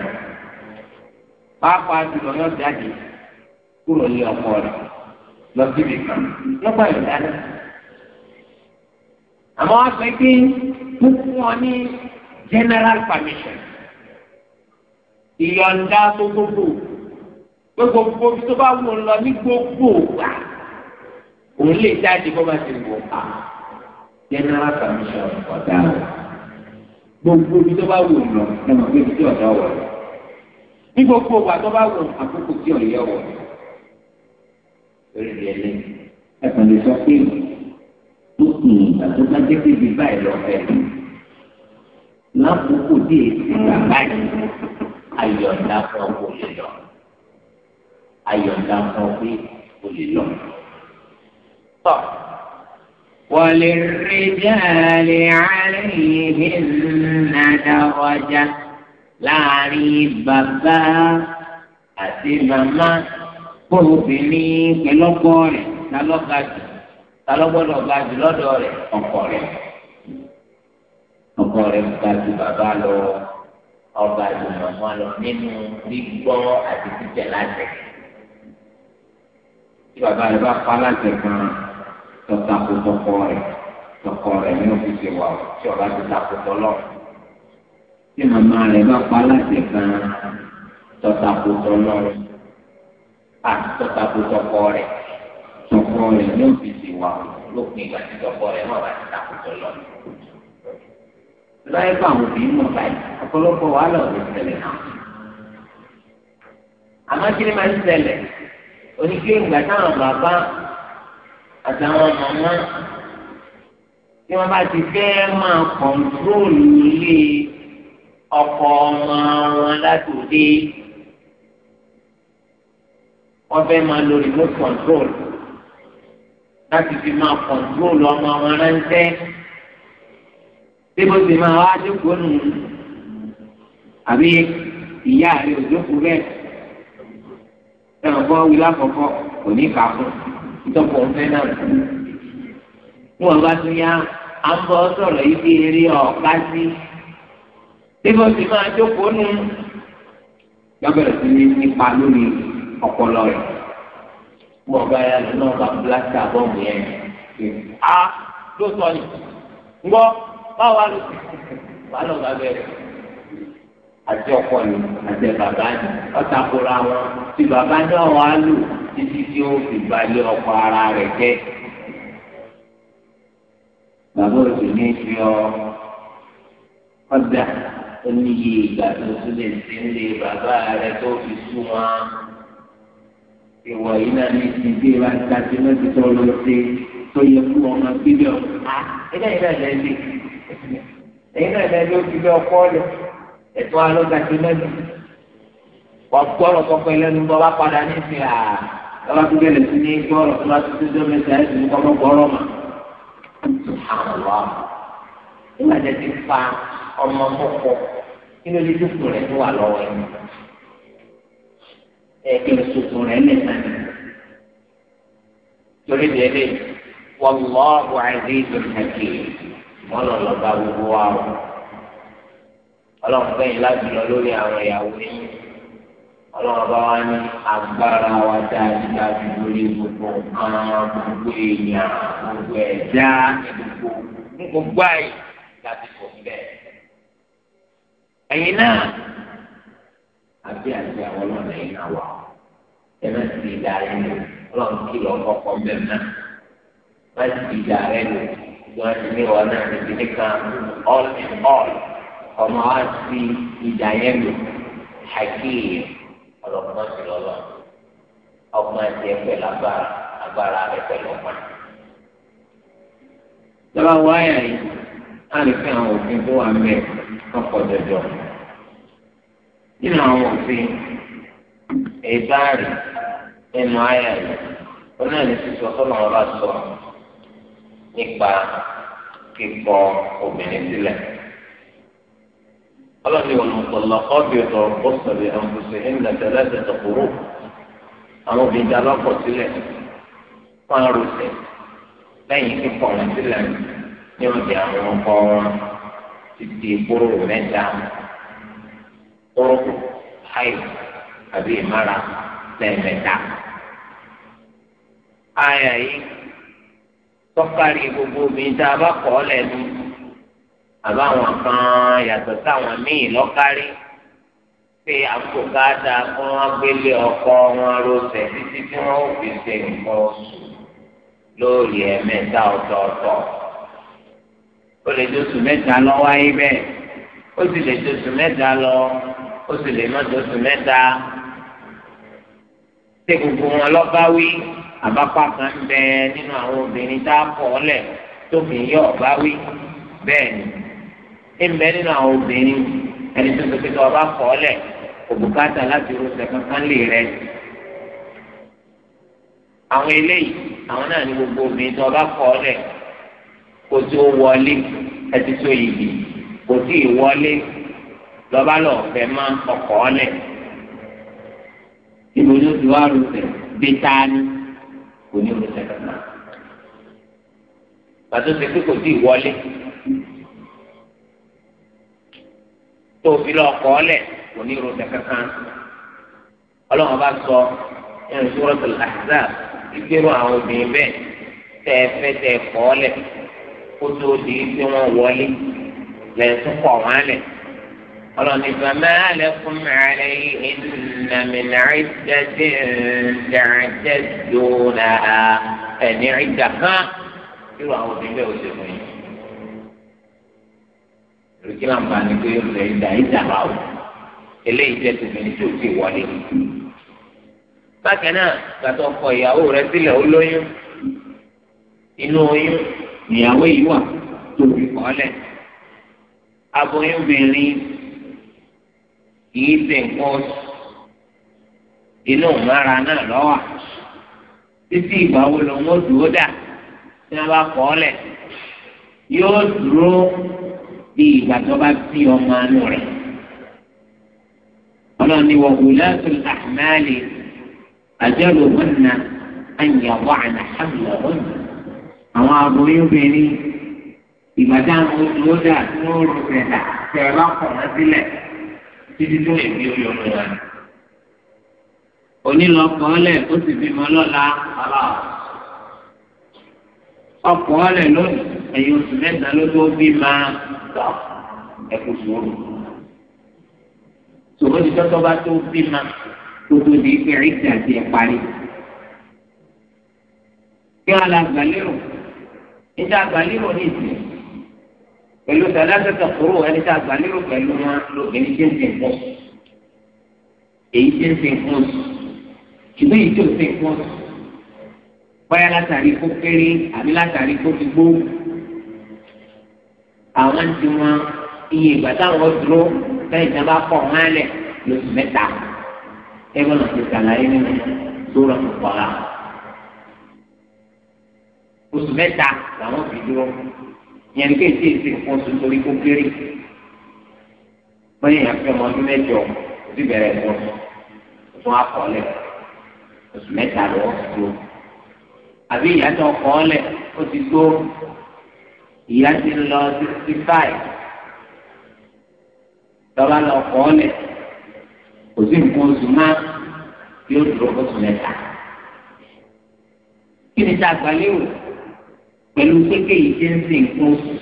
pàápàá jùlọ yọ jáde kúrò ní ọkọ rẹ̀ lọ síbi kan lọ́gbà yọ̀ǹda náà àmọ́ wọ́n fẹ́ kí fún wọn ní general permission ìyọ̀ǹda tó gbogbo pé gbogbo ibi tó bá wù lọ ní gbogbo ògbà òun lè jáde kó má ti wò á ah, general commission ọ̀dà rẹ̀ gbogbo ibi tó bá wù lọ ní ọmọ ibi tí ọ̀dà wọ̀ ní gbogbo ògbà tó bá wù àkókò tí ọ̀yẹ́ wọ̀ lórí rẹ̀ ẹ̀sán lè sọ pé ó kì ìgbà tó bá jẹ́ pé ibi báyìí lọ fẹ́ lákòókò díẹ̀ ìgbà báyìí ayọ̀dá fún ọkọ̀ òṣèlú ayọ̀ǹda fún ọ pé o lè lọ. tọ́ وللرجال عليهن درجة láàrin bàbá àti màmá kóbìnrin pẹ̀lọ́pọ̀ rẹ̀ talọ́gàjù talọ́gbọ́dọ̀ gàjù lọ́dọ̀ rẹ̀ ọkọ rẹ̀ ọkọ rẹ̀ gàjù bàbá lọ ọba àjùmọ̀mọ́ lọ nínú gbígbọ́ àti títẹ̀ láti tí bàbá rẹ̀ bá pa aláṣẹ kan tọ́ta kó tọkọ rẹ̀ tọkọ rẹ̀ ní òfìsè wa tí ọba ti takò tọ́lọ̀ tí màmá rẹ̀ bá pa aláṣẹ kan tọ́ta kó tọ́lọ̀ rẹ̀ àti tọ́ta kó tọkọ rẹ̀ tọkọ rẹ̀ ní òfìsè wa lópin ìgbà tí tọkọ rẹ̀ náà bá ti takò tọ́lọ̀ láyé fún àwọn òbí mọ̀ báyìí ọ̀pọ̀lọpọ̀ wàhálà ò ní náà. àmọ́ kí ni máa ń ṣẹlẹ̀ onígbé ìgbà táwọn bàbá àtàwọn màmá tí wọ́n bá ti fẹ́ máa kọ̀ǹtróòlù ilé ọkọ ọmọ wọn látòdé wọ́n fẹ́ máa lo remote control láti fi máa kọ̀ǹtróòlù ọmọ wọn ránṣẹ́ bí mo máa wá jókòó nù àbí ìyá rẹ̀ ò jókòó bẹ́ẹ̀ ẹnì kan wí lákọ̀ọ́kọ́ kò ní kà fún ìtọ́pọ̀ ń náà níwọ̀n bá tún yá à sọ̀rọ̀ yìí bí eré ọ̀ká sí bíbọ̀ sì máa jókòó nù gbàgbọ́dọ̀ sí ní nípa lórí ọpọlọ rẹ̀ wọ́n bá yá lọ náà bá blásítà bọ́ọ̀mù yẹn a ló sọ ni ń gbọ́ báwa lọ bá bẹ̀rẹ̀ àti ọkọ ni àti bàbá ni ọtakora wọn tí bàbá náà wà lò títí tí ó fi balẹ̀ ọkọ ara rẹ̀ jẹ́. bàbá òsì ní fi ọ ọjà ó ní iye ìgbà tó tún lè ṣe ń lé bàbá rẹ̀ tó fi sún wọn. ìwọ yìí náà ní ti dé wá dájú lọ́sí tó lọ sí tó yẹ fún ọmọ bílíọ̀nù. ẹ̀yin náà lẹ́yìn ló fi lé ọkọ lọ. ẹ̀tọ́ a lẹ́nu wà gbọ́rọ̀ kọ́kọ́ lẹ́nu bọ́ bá padà ní à lọ́wọ́ tó bẹ̀rẹ̀ sí ní gbọ́rọ̀ tó bá tuntun tó mẹ́ta ẹ̀ sìn ma. gbọ́rọ̀ mà. nígbà ti fa ọmọ kí ló dé tó tó wà torí bá gbogbo ọlọ́run fẹ́yìn láti lọ lórí àwọn ìyàwó yín ọlọ́run bá wá ní agbára wa dájú dájú lórí gbogbo nǹkan gbogbo èèyàn gbogbo ẹ̀dá gbogbo gbogbo àyè láti kò bẹ́ẹ̀. ẹ̀yin náà àbí àti àwọn ọlọ́run ẹ̀yin náà wà ẹ̀mẹ́ sì darí lò ọlọ́run kìlọ̀ ọkọ̀ bẹ́ẹ̀ náà wọ́n sì darí lò wọ́n ti ní wọn náà níbi níkan all in all ọmọ wa ti ìjà yẹn lò hakeem ọlọ́gbọ́n ti lọlọ ọgbọ́n ti ẹ pẹ̀lú agbára agbára rẹ pẹ̀lú ọgbọ́n. lọ́wọ́ wáyà yìí a lè fi àwọn òfin tó wà ń bẹ̀ ọkọ̀ jọjọ. nínú àwọn òfin ìbáàrí nínú àyà yìí wọn náà lè sísọ sọ́nà ọ̀rọ̀ àtọ̀ nípa kíkọ obìnrin sílẹ̀ ọlọ́ni wọn mọ̀tọ́lọ́kọ́ bí ọ̀tọ̀ ọ̀sọ̀rọ̀ ẹ̀ǹfọ̀sẹ̀ ẹ̀ǹdà tẹ̀lé ẹ̀tẹ̀ kúrò àwọn obìnrin dáná pọ̀ sílẹ̀ wọn rò sẹ̀ lẹ́yìn kíkọ̀ wọn sílẹ̀ ní ọ̀dẹ̀ àwọn ọkọ wọn títí kúrò mẹ́ta kúrò àì àbí ìmára lẹ́ẹ̀mẹ́ta. àyà yìí tọ́kárí gbogbo obìnrin tá a bá kọ́ lẹ́nu àbá àwọn kan yàtọ̀ sáwọn míì lọ́kárí pé àpòkáàdà kí wọ́n gbélé ọkọ wọn rọṣẹ̀ títí tí wọ́n ò fi ṣe nǹkan oṣù lórí ẹ̀mẹ́ta ọ̀tọ̀ọ̀tọ̀ ó lè dóṣù mẹ́ta lọ wáyé bẹ́ẹ̀ ó sì lè dóṣù mẹ́ta lọ ó sì lè má dóṣù mẹ́ta ṣé gbogbo wọn lọ bá wí àbápá kan bẹ nínú àwọn obìnrin tá a pọ̀ ọ́lẹ̀ tóbi yọ̀ bá wí bẹ́ẹ̀ ni ìmẹ nínú àwọn obìnrin ẹni tó sọpé tó ọba kọ ọlẹ òbúkátà láti rọṣẹ kankan lè rẹ àwọn eléyìí àwọn náà ní gbogbo obìnrin tó ọba kọ ọlẹ kò tó wọlé ẹtí tó yìí kò tí ì wọlé lọba lọ fẹ máa ọkọ ọlẹ ìbò ló ti wá rọṣẹ bí tání kò ní rọṣẹ kankan pàtó ṣe pé kò tí ì wọlé. tó fi lọ kọ́ ọ lẹ̀ kò ní ro kankan ọlọ́run bá sọ nínú Suratul Ahzab ìgbéró àwọn obìnrin bẹ́ẹ̀ tẹ ẹ fẹ́ tẹ ẹ kọ́ lẹ̀ kó tó di pé wọ́n wọlé lẹ́sùn kọ̀ wọ́n lẹ̀ ọlọ́run ní bàmá lẹ́kùn mẹ́rẹ̀ yìí nàmìnà ìdájẹ́ ìdájẹ́ dùn náà ẹ̀ ní ìdá kan irú àwọn obìnrin bẹ́ẹ̀ ò ṣe fún yìí èkí náà bá ní pé ọ̀sẹ̀ ìdá ìdá bá wò eléyìí jẹ́ tòmìnì tó ti wọlé. bákan náà gbàtọ̀ ọkọ ìyàwó rẹ sílẹ̀ ó lóyún inú oyún ìyàwó yìí wà tóbi kọ́lẹ̀ aboyúnbìnrin kìí ṣe nǹkan oṣù inú ìmọ̀ra náà lọ́wà títí ìgbà wo lòun ó dúró dà tí wọ́n bá kọ́ ọ́lẹ̀ yóò dúró bí ìgbà tó bá bí ọmọ àánú rẹ̀ ọlọ́ni wọ wùlátù àmàlì àjọlò hùnà ànyàwó àná hàmìlà hùnà àwọn aboyún obìnrin ìgbà táwọn oṣù ó dà tí wọ́n rò rẹ̀ dà bá kọ̀ wọ́n sílẹ̀ títí tó èmi ò yọ̀ ọ́ onílọ̀pọ̀ ọ̀lẹ̀ ó sì bímọ lọ́la ọ̀pọ̀ ọ̀lẹ̀ lónìí ẹ̀yin oṣù mẹ́ta ló tó bí máa tọ ẹkú sùúrù sòwò ti tọ́tọ́ bá tó bí máa tó tó di ẹ̀rí tí àti ẹ̀ parí kí wọn la gbàlérò níta gbàlérò ní ìsìn pẹ̀lú sàlásàtà kúrò ẹni tá a gbàlérò pẹ̀lú wọn lóbìnrin tí ń sìn fún èyí tí ń sìn fún ṣùgbọ́n èyí tí ò sìn fún báyà látàrí kó kéré àbí látàrí kó ti gbó àwọn ti mọ iye ìgbà táwọn dúró lẹ́yìn tí wọ́n bá kọ̀ wọ́n lẹ̀ lóṣù mẹ́ta ẹgbẹ́ náà ti sàlàyé nínú sóra kọ̀ọ̀la oṣù mẹ́ta làwọn fi dúró yẹn kí èsì èsì fún oṣù torí kó kéré wọ́n yẹn yàn fẹ́ ọmọ ọdún mẹ́jọ oṣù bẹ̀rẹ̀ ẹ̀kọ́ fún akọ̀ọ́lẹ̀ oṣù mẹ́ta lọ́wọ́ dúró àbí ìyá tó kọ́ ọ́lẹ̀ ó ti dúró ìyá ti ń lọ sixty five tọ́ba lọ kọ́ ọ́ lẹ̀ kò sí nǹkan oṣù máa yóò dúró oṣù mẹ́ta. kí ni tá a gbà léwu pẹ̀lú kéèké yìí ṣe ń sìn nǹkan oṣù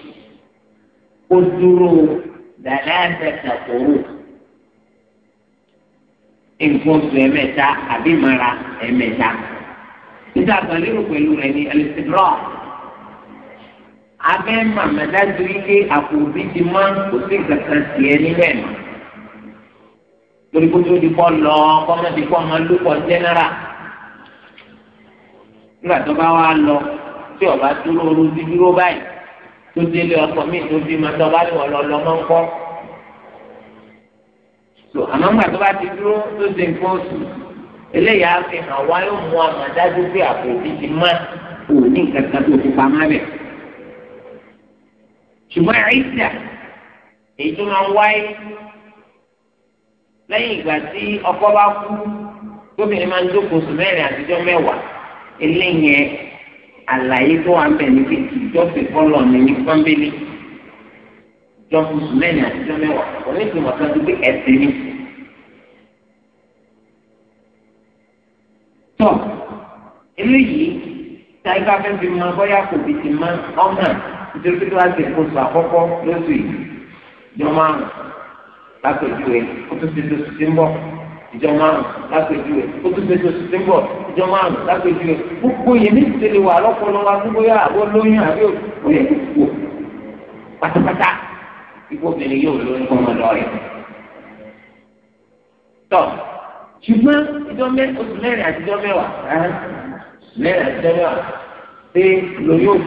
ó dúró dàdáàdàdà kòrò nǹkan oṣù ẹ̀mẹ́ta àbí mara ẹ̀mẹ́ta. níta gbà léwu pẹ̀lú rẹ̀ ní ẹlẹ́sìdírọ́ọ̀ abẹ́ màmẹ́dájú ilé àkòbí ti máa ń kó sí kankan tiẹ̀ nílẹ̀ mọ́. torí tó di kọ́ lọ kọ́mọ́ di kọ́ máa lúkọ jẹ́nẹ́rà. nígbà tó bá wá lọ tí ọba dúró oru ti dúró báyìí tó délé ọkọ mi tó fi máa tọ́ bá lè wọ́n lọ lọ máa ń kọ́. tó àmọ́ nígbà tó bá ti dúró tó ṣe nǹkan oṣù eléyà á fi hàn wá yóò mú àmàdájú pé àkòbí ti máa kò ní tó fi pamọ́ bẹ́ẹ̀ ṣùgbọ́n ẹ̀ríṣà èyí tó máa ń wáyé lẹ́yìn ìgbà tí ọkọ bá kú gómìnà máa ń jókòó sùn mẹ́rin àtijọ́ mẹ́wàá eléyẹn àlàyé tó wà ń bẹ̀ ní pé ìjọ́sìn fọlọ́ ní ní pọ́nbélé ìjọ́sìn sùn mẹ́rin àtijọ́ mẹ́wàá oníṣòwò kan tó gbé ẹ̀sìn ní. tọ́ eléyìí táyé bá fẹ́ fi máa bọ́yá kò fi máa ọ̀hún náà nítorí pé tó bá ti kóso àkọ́kọ́ lóṣù yìí ìjọ márùn lápèjúwe ó tún ti lóṣù tí ń bọ̀ ìjọ márùn lápèjúwe ó tún ti lóṣù tí ń bọ̀ ìjọ márùn lápèjúwe gbogbo yìí ní ìṣẹ̀lẹ̀ wà lọ́pọlọ wa gbogbo yà àbọ̀ lóyún àbí òye kúkú pátápátá ikú obìnrin yóò lóyún kọ́ ọmọ lọ́ọ̀rẹ́ tọ́ ṣùgbọ́n ìjọ mẹ́ oṣù mẹ́rin àtijọ́ mẹ́wàá mẹ́rin àtijọ́ mẹ́wàá pé lóyún